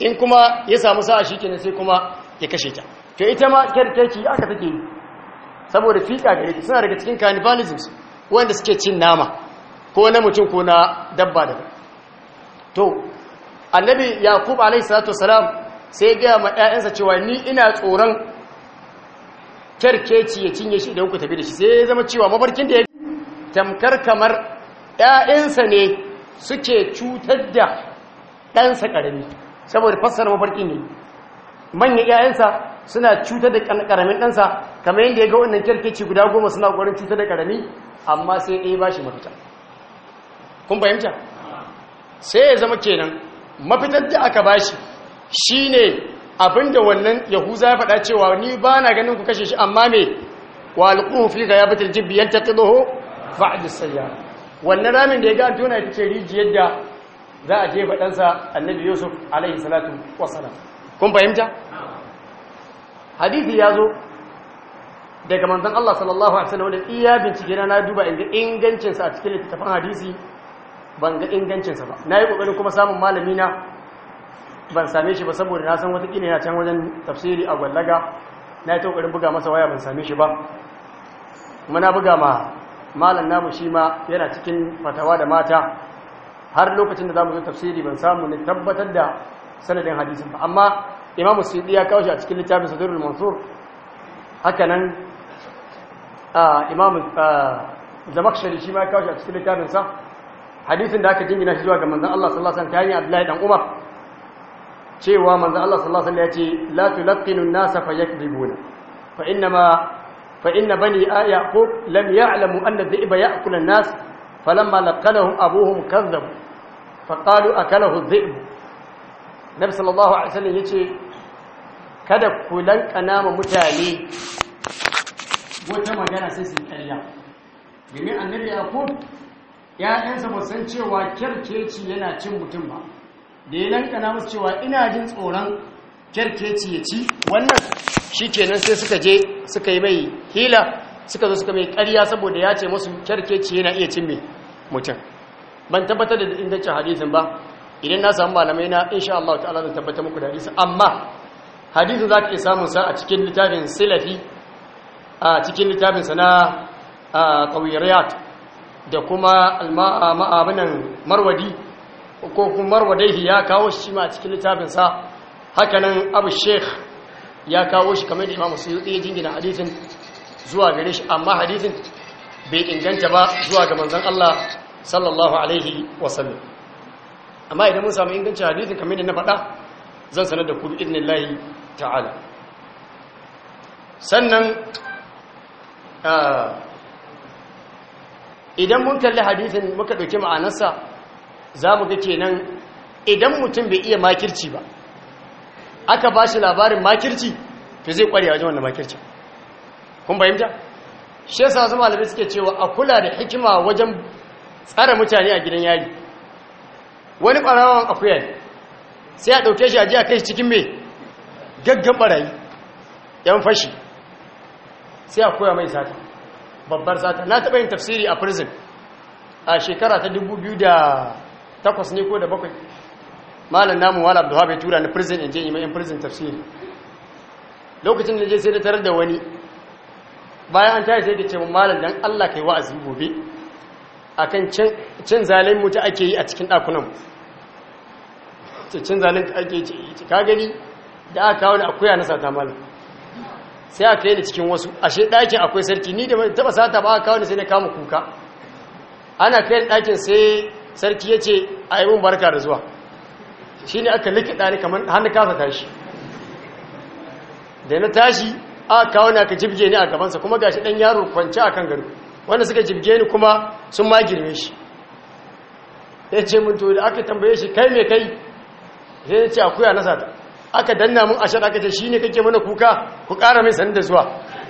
in kuma ya samu sa'a shi kenan sai kuma ya kashe ta to ita ma kyarkeci aka take yi saboda fika gare ta suna daga cikin cannibalism wanda suke cin nama ko na mutum ko na dabba daga to annabi yaqub alaihi salatu wasalam sai ga ma ƴaƴansa cewa ni ina tsoron karkeci ya cinye shi idan ku tafi da shi sai ya zama cewa mabarkin da ya tamkar kamar ƴaƴansa ne suke cutar da ɗansa ƙarami saboda fassar mafarkin ne manyan ƴaƴansa suna cutar da karamin ɗansa kamar yadda ya ga wannan kyarkeci guda goma suna ƙwarin cutar da karami amma sai ɗaya ba shi mafita kun fahimta sai ya zama kenan mafitar da aka ba shi shi ne abinda wannan yahuza ya faɗa cewa ni ba na ganin ku kashe shi amma me walƙun fi ga ya bitar jibbi yanta ƙidoho fa'adis sayya wannan ramin da ya ga tona ya fice rijiyar da za a jefa ɗansa annabi yusuf alaihi salatu wasalam kun fahimta hadithi ya zo daga manzon Allah sallallahu alaihi wasallam wadda iya bincike na duba inda ingancinsa ingancinsa a cikin littattafan hadisi ban ga ingancinsa ba. Na yi ƙoƙarin kuma samun malami na ban same shi ba saboda na san wata watakila yana can wajen tafsiri a gwallaga na yi kokarin buga masa waya ban same shi ba kuma na buga ma malam namu shi ma yana cikin fatawa da mata har lokacin da za mu zo tafsiri ban samu ne tabbatar da sanadin hadisin ba amma Imam Suyuti ya kawo shi a cikin littafin Sadrul Mansur haka nan Imam Zamakhshari shi ma ya kawo shi a cikin littafinsa hadisin da aka jingina shi zuwa ga manzan Allah sallallahu alaihi wasallam ta hanyar Abdullahi dan Umar cewa manzan Allah sallallahu alaihi wasallam ya ce la tulqinu an-nasa fayakdibuna fa inna ma fa inna bani ya'qub lam ya'lamu anna dhi'ba ya'kulu an-nas نقلهم ابوهم كذب فقالوا اكله الذئب نبي صلى الله عليه وسلم yace kada ku lankana ma mutane wata magana sai su kalla domin annabi ya ya ya'yansa ba san cewa kyarkeci yana cin mutum ba da ya lankana musu cewa ina jin tsoron kyarkeci ya ci wannan shi kenan sai suka je suka yi mai hila suka zo suka mai ƙarya saboda ya ce masu kyarkeci yana iya cin mutum ban tabbatar da ingancin hadisin ba idan na samu malamai na insha Allah ta'ala zan tabbatar muku da hadisin amma hadisin za ka iya samun sa a cikin littafin silafi a cikin littafin sa na qawiriyat da kuma al-ma'abinan marwadi ko kuma marwadaihi ya kawo shi ma a cikin littafin sa hakanan abu sheikh ya kawo shi kamar da imamu suyuti ya jingina hadisin zuwa gare shi amma hadithin bai inganta ba zuwa ga manzan Allah sallallahu alaihi wasallam amma idan mun samu ingancin hadithin kamar yadda na faɗa zan sanar da ku bi idnillahi ta'ala sannan idan mun kalli hadithin muka ɗauki ma'anarsa za mu ga kenan idan mutum bai iya makirci ba aka ba shi labarin makirci to zai ƙware wajen wannan makircin kun fahimta shi yasa wasu malami suke cewa a kula da hikima wajen tsara mutane a gidan yari wani ɓarawan akuya ne sai a ɗauke shi a ji a kai cikin mai gaggan ɓarayi yan fashi sai a koya mai sata babbar sata na taɓa yin tafsiri a prison a shekara ta 2008 ne ko da bakwai malam namun wala abdullahi bai tura na prison in je yi mai prison tafsiri lokacin da je sai da tarar da wani bayan an tare sai ke ce mun malam dan Allah kai wa'azi gobe akan cin cin zalin mu ta ake yi a cikin dakunan cin zalin ta ake yi ka gani da aka kawo ni akuya na sata malam sai aka yi da cikin wasu ashe ɗakin akwai sarki ni da ban taba sata ba aka kawo ni sai na kama kuka ana kai ɗakin sai sarki ya ce a yi mun barka da zuwa shi ne aka likita ni kamar hannu kasa tashi da na tashi a kawo na ka jibge ni a gabansa kuma ga shi dan yaro kwance kan gado wanda suka jibge ni kuma sun ma girme shi ya ce mun to aka tambaye shi kai me kai sai ya ce akuya na sata aka danna mun ashar aka ce shine kake mana kuka ku ƙara mai sanin da zuwa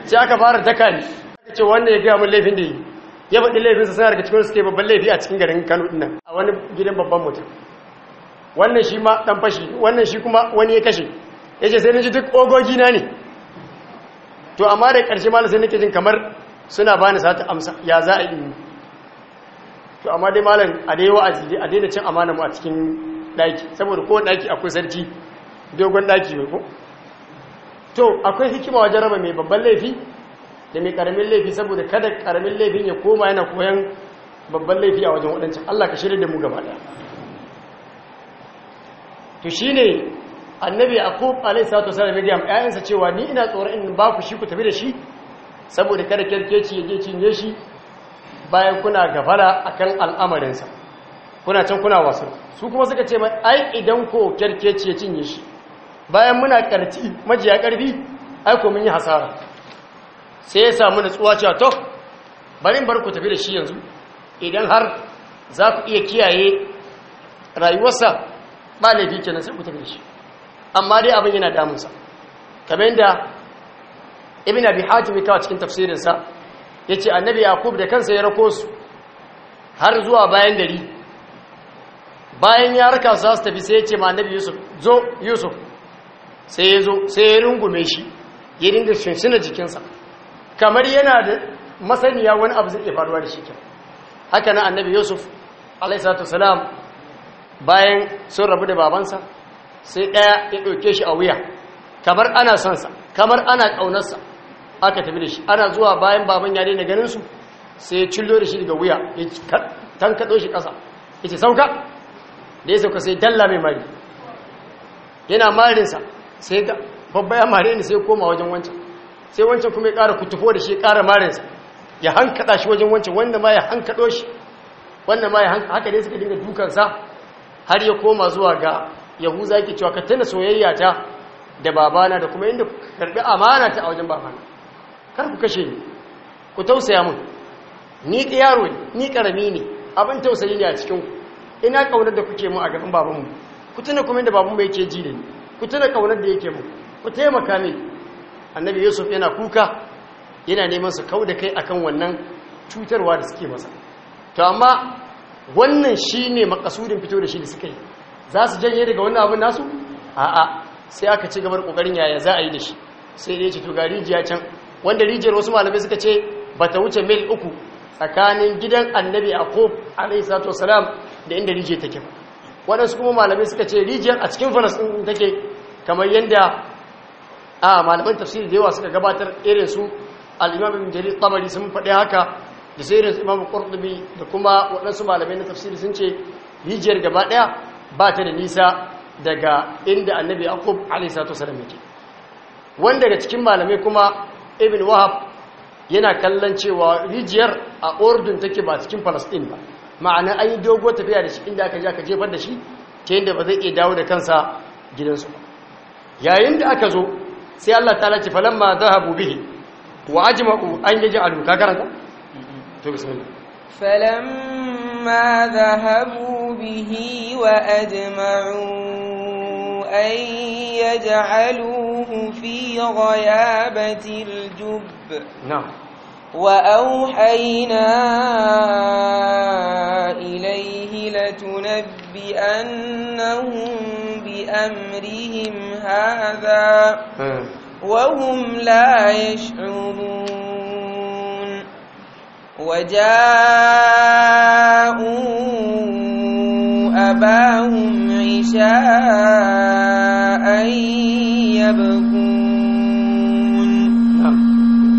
sai aka fara daka ni aka ce wannan ya ga mun laifin da yi ya faɗi laifinsa suna daga cikin suke babban laifi a cikin garin kano ɗin a wani gidan babban mutum wannan shi ma ɗan fashi wannan shi kuma wani ya kashe ya ce sai na ji duk ogogi na ne to amma da ƙarshe malam sai nake jin kamar suna bani sata amsa ya za a yi to amma dai malam a dai a daina cin amana mu a cikin daki saboda ko daki akwai sarki dogon daki bai ko to akwai hikima wajen raba mai babban laifi da mai karamin laifi saboda kada karamin laifin ya koma yana koyan babban laifi a wajen waɗancan Allah ka shirya da mu gaba ɗaya to shine annabi yaqub alayhi salatu wasallam ya gaya ƴaƴansa cewa ni ina tsoron in ba ku shi ku tafi da shi saboda kada kirkeci ya je cinye shi bayan kuna gafara akan al'amarinsa kuna can kuna wasu su kuma suka ce mai ai idan ko kirkeci ya cinye shi bayan muna karti majiya karfi ai ko mun yi hasara sai ya samu nutsuwa cewa to barin bar ku tafi da shi yanzu idan har za ku iya kiyaye rayuwarsa ba laifi kenan sai ku tafi da shi amma dai abin yana damunsa kamar yadda ibn abi hatim ya kawo cikin tafsirinsa sa yace annabi yakub da kansa ya rako su har zuwa bayan dari, bayan ya raka su tafi sai ya ce ma annabi yusuf zo yusuf sai ya zo sai ya rungume shi ya dinga shinshina jikinsa kamar yana da masaniya wani abu zai faruwa da shi haka na annabi yusuf alaihi salatu wasalam bayan sun rabu da babansa sai ɗaya ya ɗauke shi a wuya kamar ana sansa kamar ana ƙaunarsa aka tafi da shi ana zuwa bayan baban yare na ganinsu sai ya cillo da shi daga wuya ya tankaɗo shi ƙasa ya ce sauka da ya sauka sai dalla mai mari yana marinsa sai ga babba ya mare ni sai ya koma wajen wancan sai wancan kuma ya ƙara kutufo da shi ya ƙara marinsa ya hankaɗa shi wajen wancan wanda ma ya hankaɗo shi wanda ma ya hankaɗo haka dai suka dinga dukansa har ya koma zuwa ga yahuza yake cewa ka tana soyayya ta da babana da kuma inda karbi amana ta a wajen babana kar ku kashe ni ku tausaya mun ni yaro ni karami ne abin tausayi ne a cikin ku ina kaunar da kuke mu a gaban babanmu ku tana kuma inda babanmu yake ji da ni ku tana kaunar da yake mu ku taimaka min annabi yusuf yana kuka yana neman su kau da kai akan wannan cutarwa da suke masa to amma wannan shine makasudin fito da shi da suka yi za su janye daga wannan abin nasu a'a sai aka ci gabar kokarin yaya za a yi da shi sai dai ce to ga rijiya can wanda rijiyar wasu malamai suka ce bata wuce mil uku tsakanin gidan annabi yaqub alayhi salatu wasalam da inda rijiyar take ba waɗansu kuma malamai suka ce rijiyar a cikin falastin take kamar yadda a malaman tafsiri da yawa suka gabatar irin su al-imam ibn jarir tabari sun faɗi haka da sai irin imam qurtubi da kuma waɗansu malamai na tafsiri sun ce rijiyar gaba ɗaya ba ta da nisa daga inda annabi akub alisatu salatu yake wanda daga cikin malamai kuma ibn wahab yana kallon cewa rijiyar a urdun take ba cikin palestine ba ma'ana an yi dogo tafiya da shi inda aka je aka jefar da shi ta yadda ba zai iya dawo da kansa gidansu yayin da aka zo sai Allah ta ma za zahabu bihi wa ajma'u an yaji alu ka karanta to bismillah za zahabu به وأجمعوا أن يجعلوه في غيابة الجب نعم وأوحينا إليه لتنبئنهم بأمرهم هذا وهم لا يشعرون وجاءوا آباهم عشاء يبكون نعم.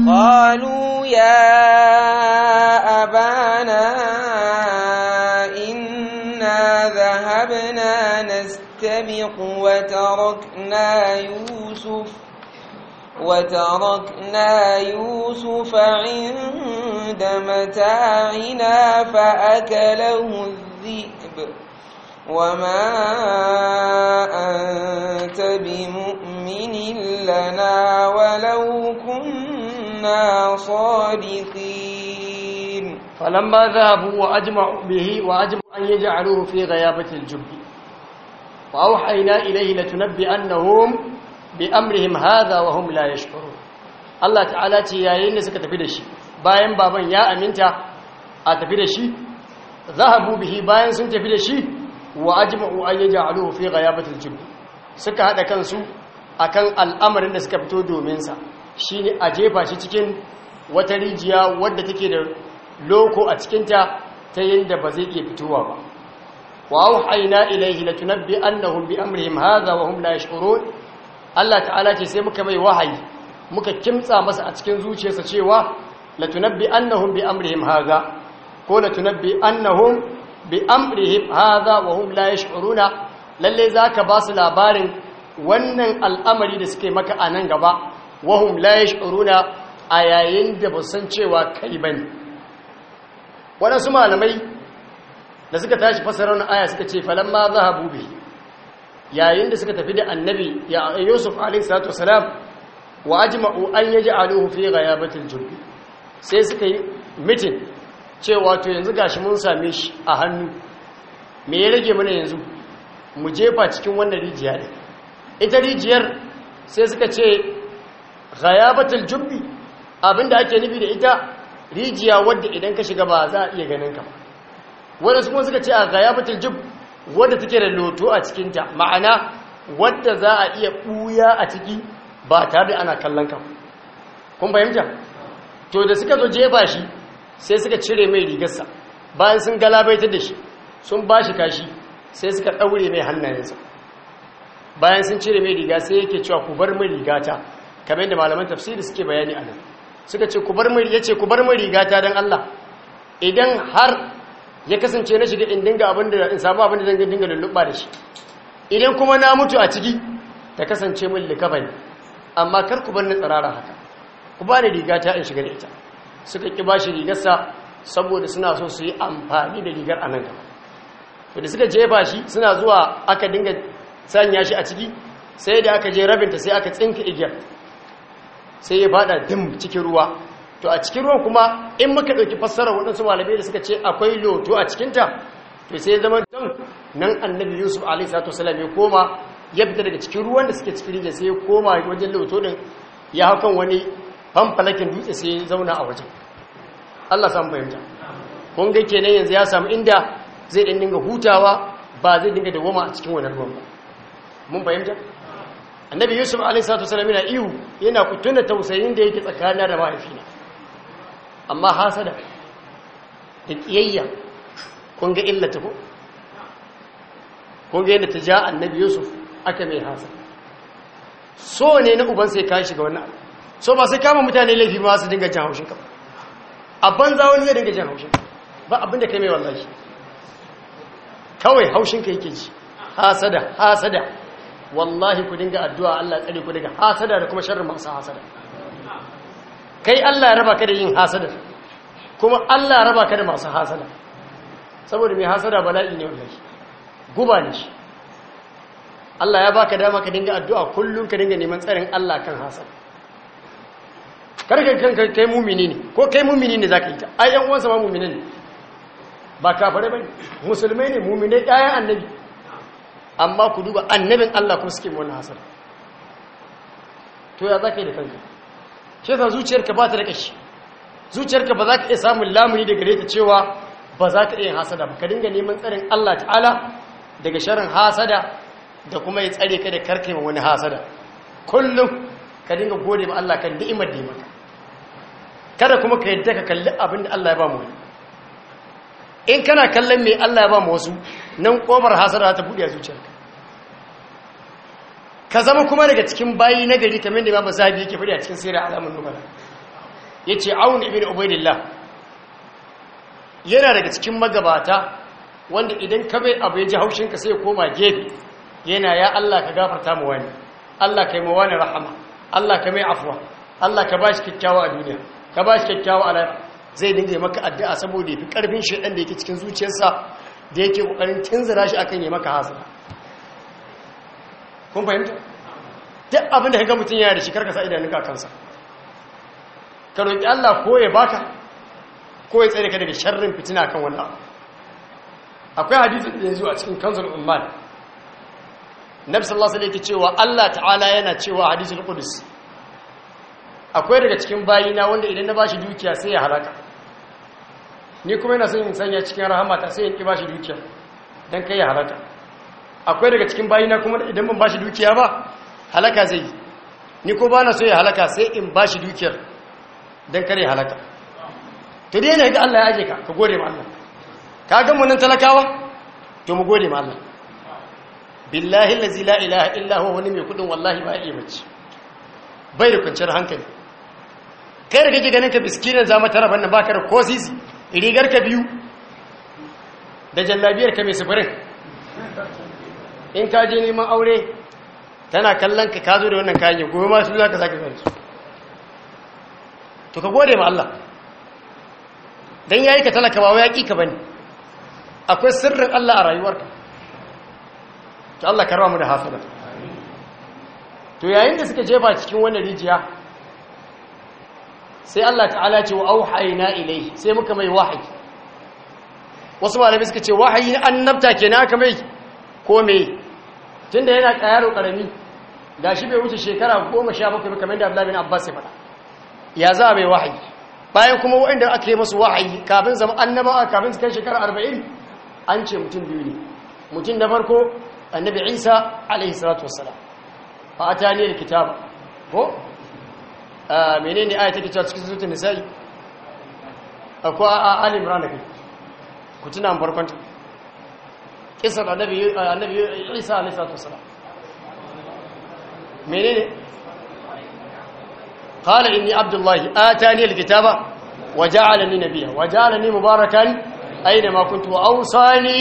قالوا يا أبانا إنا ذهبنا نستبق وتركنا يوسف وتركنا يوسف عند متاعنا فأكله الذئب وما أنت بمؤمن لنا ولو كنا صادقين فلما ذهبوا وأجمعوا به وأجمعوا أن يجعلوه في غيابة الجب وأوحينا إليه لتنبئنهم بأمرهم هذا وهم لا يشكرون Allah ta'ala ce yayin da suka tafi da shi bayan baban ya aminta a tafi da shi zahabu bihi bayan sun tafi da shi wa ajma'u an yaj'aluhu fi ghayabatil jib suka hada kansu akan al'amarin da suka fito domin sa shine a jefa shi cikin wata rijiya wadda take da loko a cikin ta ta yinda ba zai iya fitowa ba wa auhayna ilayhi latunabbi annahum bi amrihim hadha wa hum la yash'urun Allah ta'ala ce sai muka mai wahayi muka kimtsa masa a cikin zuciyarsa cewa latunabbi annahum bi amrihim hadha ko latunabbi annahum bi amrihim hadha wa hum la yash'uruna lalle zaka ba su labarin wannan al'amari da suke maka a nan gaba wa hum la yash'uruna a yayin da ba san cewa kai bane waɗansu malamai da suka tashi fasarar aya suka ce falamma zahabu bi yayin da suka tafi da annabi ya yusuf alaihi salatu wasalam wa ajma'u an yaj'aluhu fi ghayabatil jubbi sai suka yi mitin cewa wato yanzu gashi mun same shi a hannu me ya rage mana yanzu mu jefa cikin wannan rijiya ne ita rijiyar sai suka ce ghayabatul jubbi abinda ake nufi da ita rijiya wadda idan ka shiga ba za a iya ganin ka wanda kuma suka ce a ghayabatul jub wadda take da loto a cikin ta ma'ana wadda za a iya buya a ciki ba tare da ana kallon ka kun fahimta to da suka zo jefa shi sai suka cire mai rigarsa bayan sun galabaitar da shi sun ba shi kashi sai suka ɗaure mai hannayensa bayan sun cire mai riga sai yake cewa ku bar mai rigata kamar da malaman tafsiri suke bayani a nan suka ce ku bar mai ya ce ku bar mai rigata don Allah idan har ya kasance na shiga in dinga da in samu abin da zan dinga lulluɓa da shi idan kuma na mutu a ciki ta kasance min likafani amma kar ku bar ni tsirara haka ku ba ni rigata in shiga da ita suka ƙi ba shi rigarsa saboda suna so su yi amfani da rigar a nan gaba to da suka jefa shi suna zuwa aka dinga sanya shi a ciki sai da aka je rabinta sai aka tsinka igiyar sai ya fada dim cikin ruwa to a cikin ruwan kuma in muka ɗauki fassara waɗansu malamai da suka ce akwai loto a cikinta to sai zama don nan annabi yusuf alaihissalatu ya koma ya fita daga cikin ruwan da suke cikin rijiyar sai ya koma wajen loto din ya hakan wani falakin dutse sai zauna a wajen Allah samu fahimta kun ga kenan yanzu ya samu inda zai dan dinga hutawa ba zai dinga dawoma a cikin wannan ruwan ba mun fahimta annabi yusuf alaihi salatu wasallam yana ihu yana kutuna tausayin da yake tsakanin da mahaifina amma hasada da kiyayya kun ga illata ko kun ga yadda ta ja annabi yusuf aka mai hasada so ne na uban sai ka shiga wannan abu so ba sai kama mutane laifi ba su dinga jan haushin ka a banza wani zai dinga jan haushin ka ba abinda kai mai wallahi kawai haushin ka yake ji hasada hasada wallahi ku dinga addu'a Allah tsare ku daga hasada da kuma sharrin masu hasada kai Allah ya raba ka da yin hasada kuma Allah ya raba ka da masu hasada saboda mai hasada bala'i ne wallahi guba ne shi Allah ya baka dama ka dinga addu'a kullum ka dinga neman tsarin Allah kan hasada karka kanka kai mumini ne ko kai mumini ne zaka yi ta ai yan uwansa ba mumini ne ba kafare ne musulmai ne mumine ɗayan annabi amma ku duba annabin Allah kuma suke wannan hasar to ya zaka yi da kanka shi yasa zuciyarka ba ta da ƙashi zuciyarka ba za ka iya samun lamuni daga gare ta cewa ba za ka iya hasada ba ka dinga neman tsarin Allah ta'ala daga sharin hasada da kuma ya tsare ka da karkaima wani hasada kullum ka dinga gode ba Allah kan ni'imar da maka kada kuma ka yadda ka kalli abin da Allah ya ba mu wani in kana kallon mai Allah ya ba mu wasu nan ƙofar hasara ta buɗe a zuciyarka ka zama kuma daga cikin bayi na gari kamar da babu zabi yake fari a cikin sirri alamun numara ya ce awon ibn ubaidillah yana daga cikin magabata wanda idan ka bai abu ya ji haushinka sai koma gefe yana ya Allah ka gafarta mu wani Allah ka yi mu wani rahama Allah ka mai afuwa Allah ka ba shi kyakkyawa a duniya ka ba shi kyakkyawa ala zai dinga maka addu'a saboda fi karfin shaidan da yake cikin zuciyarsa da yake kokarin tunzura shi akan ya maka hasara kun fahimta duk abin da ga mutun yana da shi karka sa idanunka kansa ka roki Allah ko ya baka ko ya tsare ka daga sharrin fitina kan wannan akwai hadisi da yanzu a cikin kansar umman nabi sallallahu alaihi wasallam yake cewa Allah ta'ala yana cewa hadisul qudsi akwai daga cikin bayina wanda idan na bashi dukiya sai ya halaka ni kuma yana son in sanya cikin rahamata sai in ba shi dukiya don kai ya halaka akwai daga cikin bayina kuma idan ban bashi dukiya ba halaka zai ni ko bana so ya halaka sai in bashi dukiyar don kare halaka to dai ne ga Allah ya ajiye ka ka gode ma Allah ka ga munin nan talakawa to mu gode ma Allah billahi allazi la ilaha illa huwa wani mai kudin wallahi ba iya mace bai da kwanciyar hankali kai da kake ganin ka biskinin zama tara bannan baka da kosis rigar ka biyu da jallabiyar ka mai sufurin in ka je neman aure tana kallon ka ka zo da wannan kayan gobe su za ka sake gani su to ka gode ma Allah don ya yi ka talaka ba wa ya ƙi ka bane akwai sirrin Allah a rayuwarka to Allah karwa mu da hafila to yayin da suka jefa cikin wannan rijiya sai Allah ta'ala ce wa auhayna ilai sai muka mai wahayi wasu malamai suka ce wahayi annabta kenan aka mai ko me tunda yana ƙayaro ƙarami gashi bai wuce shekara 17 kamar da Abdullah bin Abbas ya faɗa ya za mai wahayi bayan kuma waɗanda aka yi masu wahayi kafin zama annaba kafin su kai shekara 40 an ce mutum biyu ne mutum na farko annabi Isa alaihi salatu wassalam fa atani kitaba ko menene aya take cewa cikin suratul nisa'i akwai a ali imran kai ku tuna farkon ta kisar annabi annabi isa alayhi salatu wasalam menene قال إني عبد الله آتاني الكتاب وجعلني نبيا وجعلني مباركا أينما كنت وأوصاني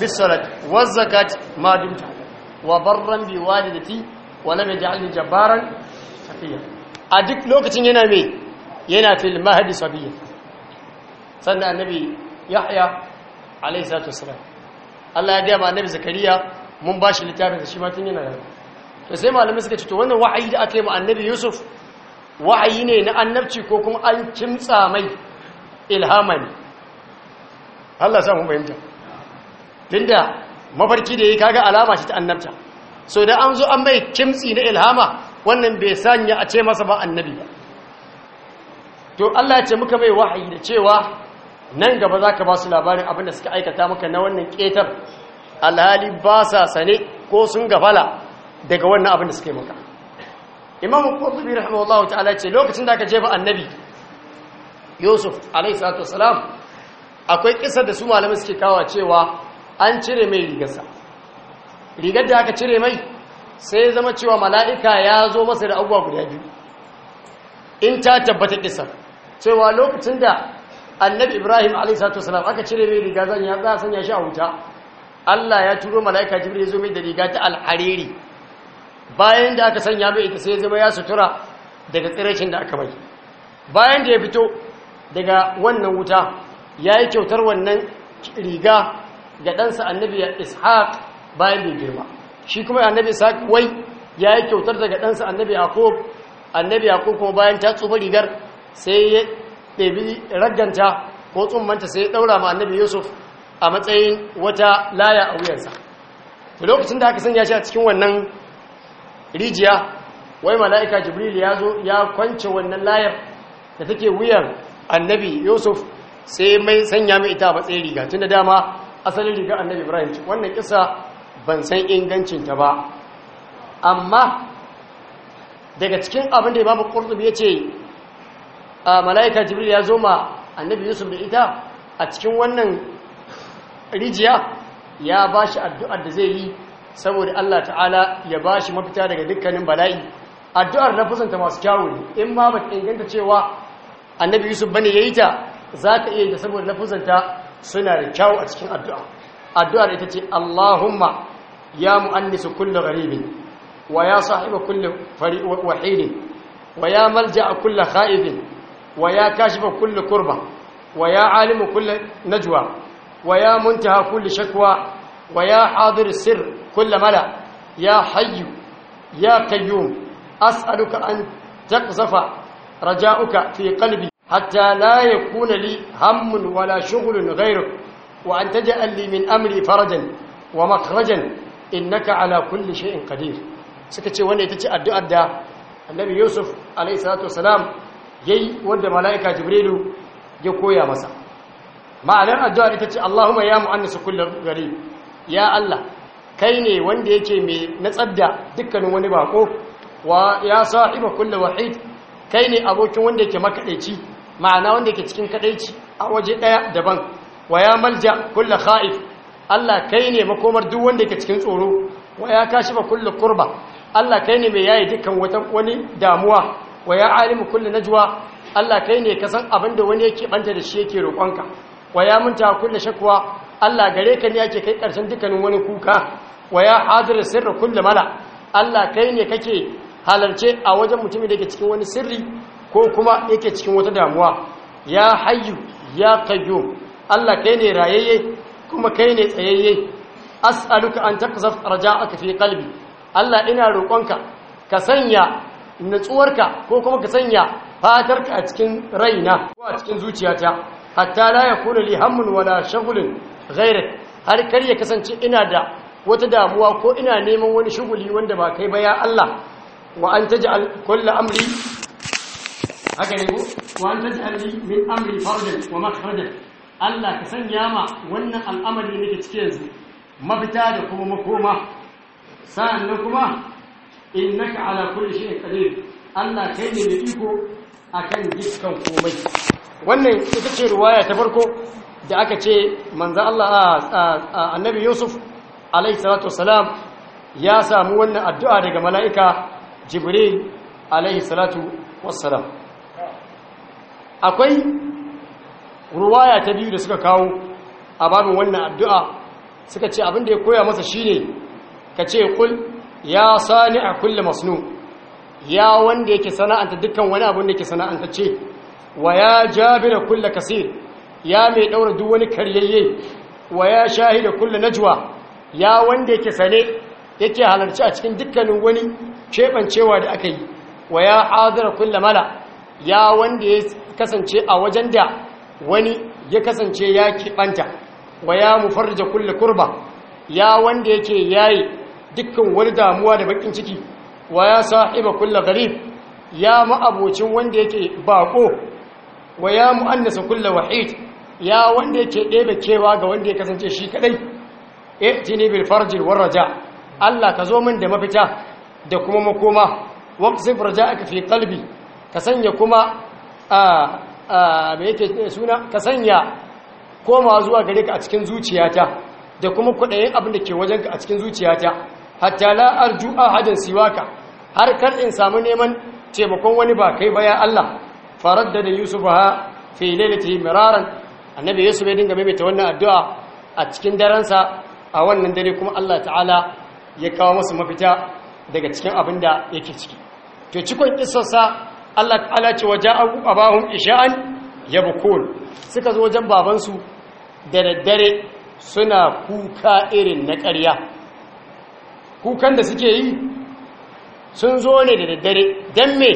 بالصلاة والزكاة ما دمت وبرا بوالدتي ولم يجعلني جبارا شقيا a duk lokacin yana mai yana fil mahadi sabiya sannan annabi yahya alaihi salatu wasalam Allah ya gaya ma annabi zakariya mun ba shi littafin shi ma tun yana da to sai malamai suka ce to wannan wa'ayi da aka yi ma annabi yusuf wa'ayi ne na annabci ko kuma an kimtsa mai ilhama ne Allah mu fahimta tunda mafarki da yi kaga alama ce ta annabta so da an zo an mai kimtsi na ilhama wannan bai sanya a ce masa ba annabi ba to Allah ya ce muka mai wahayi da cewa nan gaba za ka ba su labarin abin suka aikata maka na wannan ƙetar alhali ba sa sane ko sun gafala daga wannan abinda da suka yi maka imam qurtubi rahimahullahu ta'ala ce lokacin da aka je jefa annabi yusuf a.s.w. akwai kisar da su malamai suke kawo cewa an cire mai rigarsa rigar da aka cire mai sai zama cewa mala'ika ya zo masa da abuwa guda biyu in ta tabbata kisa cewa lokacin da annabi ibrahim a.s. aka cire mai riga zan ya za a sanya shi a wuta allah ya turo mala'ika jibri ya zo mai da riga ta alhariri bayan da aka sanya mai ita sai zama ya sutura daga tsirashin da aka bai bayan da ya fito daga wannan wuta ya yi kyautar wannan riga ga ɗansa annabi ishaq bayan bai girma shi kuma annabi wai ya yi kyautar daga ɗansa annabi Yaqub annabi yakub kuma bayan ta tsufa rigar sai ya ɗebi ragganta ko tsummanta sai ya ɗaura ma annabi Yusuf a matsayin wata laya a wuyansa to lokacin da aka sanya shi a cikin wannan rijiya wai mala'ika Jibril ya zo ya kwance wannan layar da take wuyan annabi Yusuf sai mai sanya mai ita a matsayin riga tun da dama asalin riga annabi Ibrahim wannan kisa ban san ingancinta ba amma daga cikin abin da babu ƙurtubi ya ce a mala'ika jibril ya zo ma annabi yusuf da ita a cikin wannan rijiya ya ba shi addu'ar da zai yi saboda allah ta'ala ya ba shi mafita daga dukkanin bala'i addu'ar na fusanta masu kyawu ne in ma ba inganta cewa annabi yusuf bane ya yi ta za ka iya da saboda na fusanta suna da kyawu a cikin addu'a addu'ar ita ce allahumma يا مؤنس كل غريب ويا صاحب كل وحيد ويا ملجأ كل خائف ويا كاشف كل كربة ويا عالم كل نجوى ويا منتهى كل شكوى ويا حاضر السر كل ملأ يا حي يا قيوم أسألك أن تقذف رجاؤك في قلبي حتى لا يكون لي هم ولا شغل غيرك وأن تجعل لي من أمري فرجا ومخرجا innaka ala kulli shay'in qadir suka ce wanda ita ce addu'ar da annabi yusuf alayhi salatu wasalam yayi wanda malaika jibrilu ya koya masa ma'anar addu'ar ita ce allahumma ya mu'annis kulli gari ya allah kai ne wanda yake mai natsar da dukkanin wani bako wa ya sahiba kulli wahid kai ne abokin wanda yake makadaici ma'ana wanda yake cikin kadaici a waje daya daban wa ya malja kulli kha'if Allah kai ne makomar duk wanda yake cikin tsoro wa ya ba kullu kurba Allah kai ne mai yayi dukkan wata wani damuwa wa ya alimu kullu najwa Allah kai ne kasan abinda wani yake banta da shi yake roƙonka wa ya munta kullu shakwa Allah gare ka ne yake kai karshen dukkanin wani kuka wa ya hadir sirra kullu mala Allah kai ne kake halarce a wajen mutumin da yake cikin wani sirri ko kuma yake cikin wata damuwa ya hayyu ya qayyum Allah kai ne rayayye kuma kai ne tsayayye as'aluka an taqzaf raja'aka fi qalbi Allah ina roƙonka ka sanya natsuwarka ko kuma ka sanya fatarka a cikin raina ko a cikin zuciyata hatta la yakuna li hammun wala shagulin ghairak har kar ya kasance ina da wata damuwa ko ina neman wani shuguli wanda ba kai ba ya Allah wa an taj'al kullu amri haka ne ko wa an taj'al min amri farjan wa makhrajan Allah ka san ma wannan al'amari ne ke cike yanzu mafita da kuma makoma sa'annan kuma innaka ala kulli shay'in qadir Allah kai ne mai iko akan dukkan komai wannan ita ce ruwaya ta farko da aka ce manzo Allah annabi Yusuf alaihi salatu ya samu wannan addu'a daga mala'ika Jibril alaihi salatu akwai ruwaya ta biyu da suka kawo a babin wannan addu'a suka ce abin da ya koya masa shi ne ka ce kul ya sani a kulle masnu ya wanda yake sana'anta dukkan wani abin da yake sana'anta ce wa ya da kulle kasir ya mai ɗaura duk wani karyayye wa ya da kulle najwa ya wanda yake sane yake halarci a cikin dukkanin wani keɓancewa da aka yi wa ya adara kulle mala ya wanda ya kasance a wajen da wani ya kasance ya kibanta wa ya mufarja kulle kurba ya wanda yake yayi dukkan wani damuwa da bakin ciki wa ya sahiba kulle gari ya ma'abocin wanda yake bako wa ya mu'annasa kulle wahid ya wanda yake ɗebe kewa ga wanda ya kasance shi kadai i'tini bil farji war raja Allah ka zo min da mafita da kuma makoma waqsif raja'aka fi qalbi ka sanya kuma a ah, me yake suna ka sanya koma zuwa gare ka a cikin zuciyata da kuma kwaɗayin abin da ke wajen ka a cikin zuciyata hatta la arju ahadin siwaka har kar in samu neman taimakon wani ba kai ba ya Allah faradda da Yusuf ha fi lailati miraran annabi Yusuf ya dinga ta wannan addu'a a cikin daren sa a wannan dare kuma Allah ta'ala ya kawo masa mafita daga cikin abin da yake ciki to cikon kissarsa Allah ta'ala ce waje abahun isha'an ya bukul suka zo wajen babansu da daddare suna kuka irin na ƙarya kukan da suke yi sun zo ne da daddare don me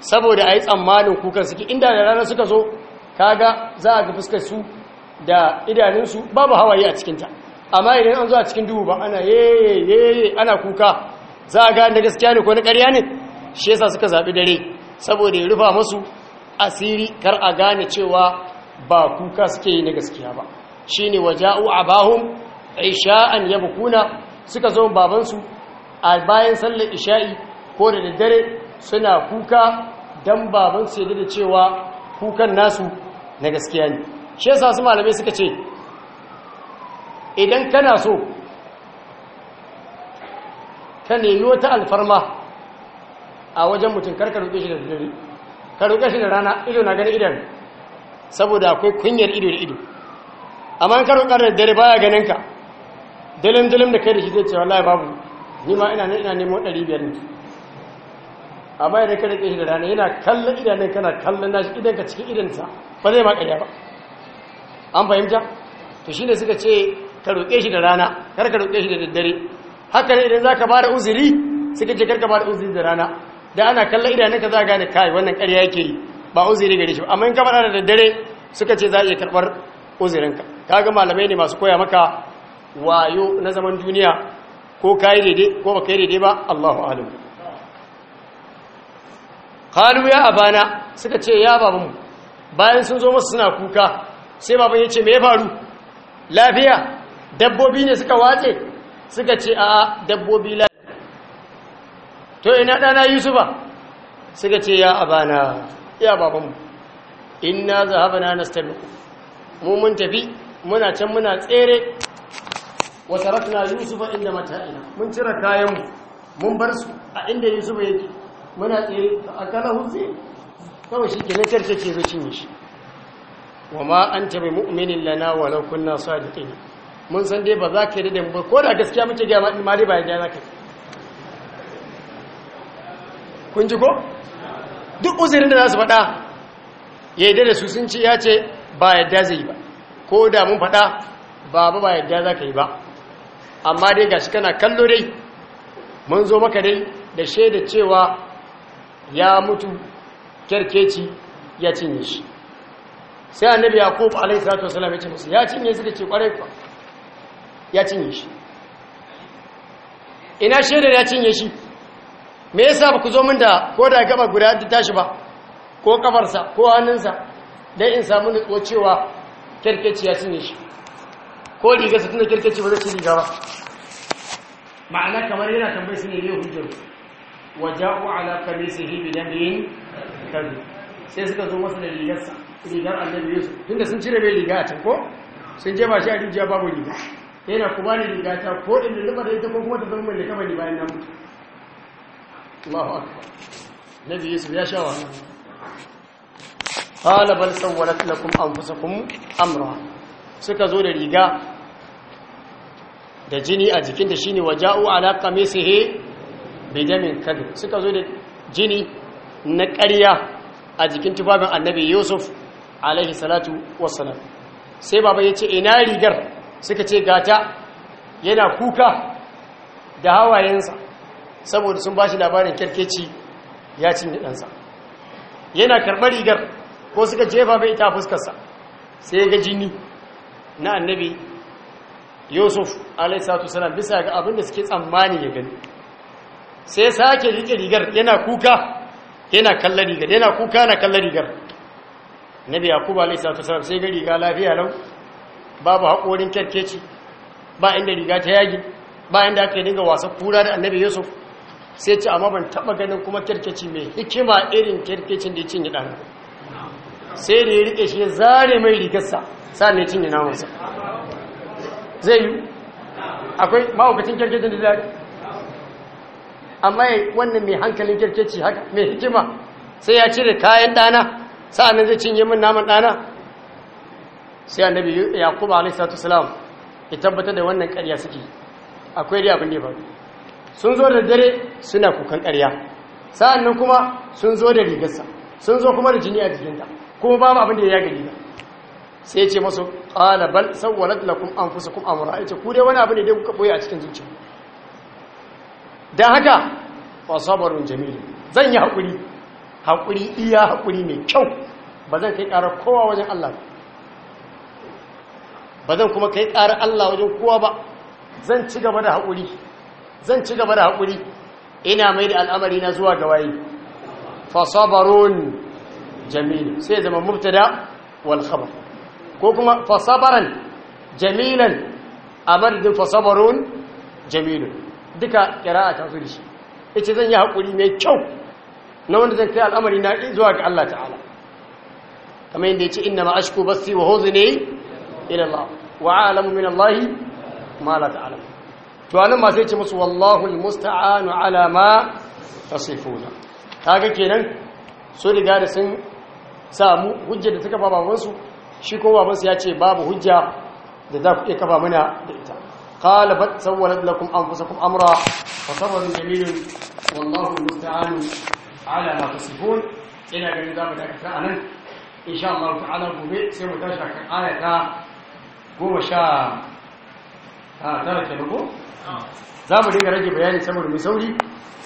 saboda a yi tsammanin kukan suke inda da rana suka zo kaga za a ga fuskar su da idanunsu babu hawaye a cikinta amma idan an zo a cikin duhu ba ana yeye ana kuka za a ga daga gaskiya ne ko na ƙarya ne shi yasa suka zaɓi dare saboda ya rufa masu asiri kar a gane cewa ba kuka suke yi na gaskiya ba shi shine waja'u bahun isha'an ya bukuna suka zo babansu a bayan sallar isha'i ko da daddare suna kuka don babansu ya da cewa kukan nasu na gaskiya ne shi yasa su malamai suka ce idan kana so ka nemi wata alfarma a wajen mutum karka roƙe shi da dare ka roƙe shi da rana ido na gani idan saboda akwai kunyar ido da ido amma ka roƙa da dare baya ganin ka dalin dalin da kai da shi zai ce wallahi babu ni ma ina ina nemo 500 ne amma idan ka roƙe shi da rana yana kallon idanun kana kallon nashi idan ka cikin idansa ba zai ma kariya ba an fahimta to shine suka ce ka roƙe shi da rana kar ka roƙe shi da daddare haka ne idan zaka bada uzuri suka ce kar ka bada uzuri da rana da ana kallon idanunka za a gane kai wannan ƙarya yake yi ba uzuri gare shi ba amma in ka faɗa da daddare suka ce za a iya karɓar ka kaga malamai ne masu koya maka wayo na zaman duniya ko kai daidai ko baka yi daidai ba Allahu a'lam qalu ya abana suka ce ya babanmu bayan sun zo musu suna kuka sai baban ya ce me ya faru lafiya dabbobi ne suka wace suka ce a dabbobi lafiya to ina ɗana yusufa suka ce ya abana ya babanmu inna na nastabiqu mu mun tafi muna can muna tsere wa tarakna yusufa inda mata'ina mun cire kayan mun bar su a inda yusufa yake muna tsere akala hutse kawai shi kenan karta ce zo cinye shi wa ma an tabi mu'minin lana walau kunna sadiqin mun san dai ba za ka yi da mu ba ko da gaskiya gyama ga ma dai ba ya ga za ka kun ji ko duk uzurin da za su faɗa ya yi da su sun ce ya ce ba yadda zai yi ba ko da mun faɗa ba ba ba yadda za ka yi ba amma dai ga shi kana kallo dai mun zo maka dai da shaida cewa ya mutu kyarkeci ya cinye shi sai annabi yaqub alayhi salatu ya ce musu ya cinye su da ce kwarai kwa ya cinye shi ina shaidar ya cinye shi me yasa ba ku zo min da ko da gaba guda ta tashi ba ko kafarsa ko hannunsa dai in samu ko cewa kirkeci ya cinye shi ko riga su tunda kirkeci ba zai ci riga ba ma'ana kamar yana tambayi su ne ne hujjar waja'u ala kamisihi bi damin kabi sai suka zo masa da rigarsa rigar annabi tun tunda sun cire mai riga a can ko sun je ba shi a rijiya babu riga yana kuma ne riga ta ko inda nufa da ita ko kuma ta zama mai da kamar bayan na mutu Allahu akbar Nabi Yusuf ya sha wahala qala bal sawwalat lakum anfusakum amra suka zo da riga da jini a jikin da shine waja'u ala qamisihi bidamin kadhib suka zo da jini na ƙarya a jikin tufafin annabi Yusuf alaihi salatu wassalam sai baba ya ce ina rigar suka ce gata yana kuka da hawayensa saboda sun ba shi labarin kyarkeci ya cinye ɗansa yana karɓar rigar ko suka jefa bai ita fuskarsa sai ga jini na annabi yusuf alaihissalatu salam bisa ga abinda suke tsammani ya gani sai sake rike rigar yana kuka yana kallon rigar yana kuka na kallon rigar nabi yakubu alaihissalatu salam sai ga riga lafiya lau babu haƙorin kyarkeci ba inda riga ta yagi ba inda aka yi dinga wasan kura da annabi yusuf sai ce amma ban taba ganin kuma kirkici mai hikima irin kirkicin da ya cinye ɗan sai da ya rike shi ya zare mai rigarsa sa'an ya cinye namansa zai yi akwai ma'aukacin kirkicin da zai amma wannan mai hankalin kirkici mai hikima sai ya cire kayan ɗana sa'an zai cinye min naman ɗana sai annabi yakubu alaihi salatu salam ya tabbatar da wannan ƙarya suke akwai dai abin da ya faru sun zo da dare suna kukan karya sa'an nan kuma sun zo da rigarsa sun zo kuma da jini a jikinta kuma babu abin da ya gani ba sai ce masu ƙala bal an fusa kuma amura ita ku dai wani abu ne dai kuka boye a cikin zuciya don haka fa sabarun Jamilu zan yi hakuri hakuri iya hakuri mai kyau ba zan kai ƙarar kowa wajen Allah ba zan kuma kai ƙarar Allah wajen kowa ba zan ci gaba da hakuri zan ci gaba da haƙuri ina mai da al'amari na zuwa ga waye fasabarun jamil sai zama mubtada wal khabar ko kuma fasabaran jamilan a madadin fasabarun jamilun duka a ta zuri shi ita zan yi haƙuri mai kyau na wanda zan kai al'amari na zuwa ga Allah ta'ala kamar yadda ya ce inna ma'ashku basti wa hozu ne ila Allah wa alamu min Allah ma la ta'alamu to anan ma sai ce musu wallahu almusta'anu ala ma tasifuna kaga kenan so riga da sun samu hujja da ta baba babansu shi ko babansu ya ce babu hujja da za ku iya kafa mana da ita lakum anfusakum amra fa sabrun أمرا wallahu جميل ala ma tasifun ina ga da ba da ka anan insha Allah ta'ala gobe sai mu tashi kan ayata goma sha tare da ku za mu dinga rage bayani saboda mai sauri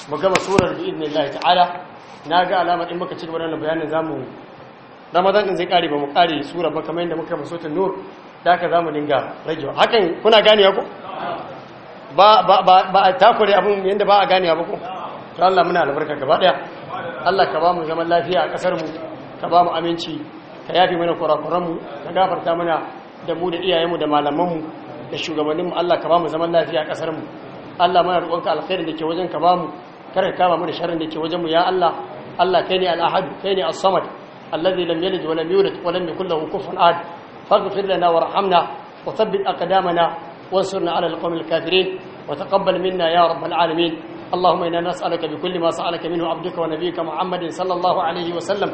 mu gama surar bi idin Allah ta'ala na ga alama in muka ci gaba da bayanin za mu ramadan din zai kare ba mu kare sura ba kamar yadda muka maso ta nur da aka za dinga ragewa hakan kuna gane ya ku ba ba ba a takure abin yadda ba a gane ya ba ku to Allah muna albarka gaba daya Allah ka ba mu zaman lafiya a kasar mu ka ba mu aminci ka yafi mana kurakuran mu ka gafarta mana da mu da iyayen mu da malaman mu da shugabanninmu Allah ka ba mu zaman lafiya a ƙasarmu Allah mana roƙonka alkhairin da ke wajen ka ba mu karka ka kama mu da sharrin da ke wajen mu ya Allah Allah kai ne al-ahad kai ne as-samad alladhi lam yalid wa lam yulad wa lam yakul lahu kufuwan ahad faghfir lana warhamna wa thabbit aqdamana wansurna 'ala al-qawmil kafirin wa taqabbal minna ya rabbal alamin اللهم إنا نسألك بكل ما سألك منه عبدك ونبيك محمد صلى الله عليه وسلم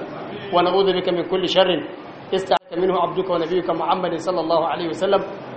ونعوذ بك من كل شر استعاذك منه عبدك ونبيك محمد صلى الله عليه وسلم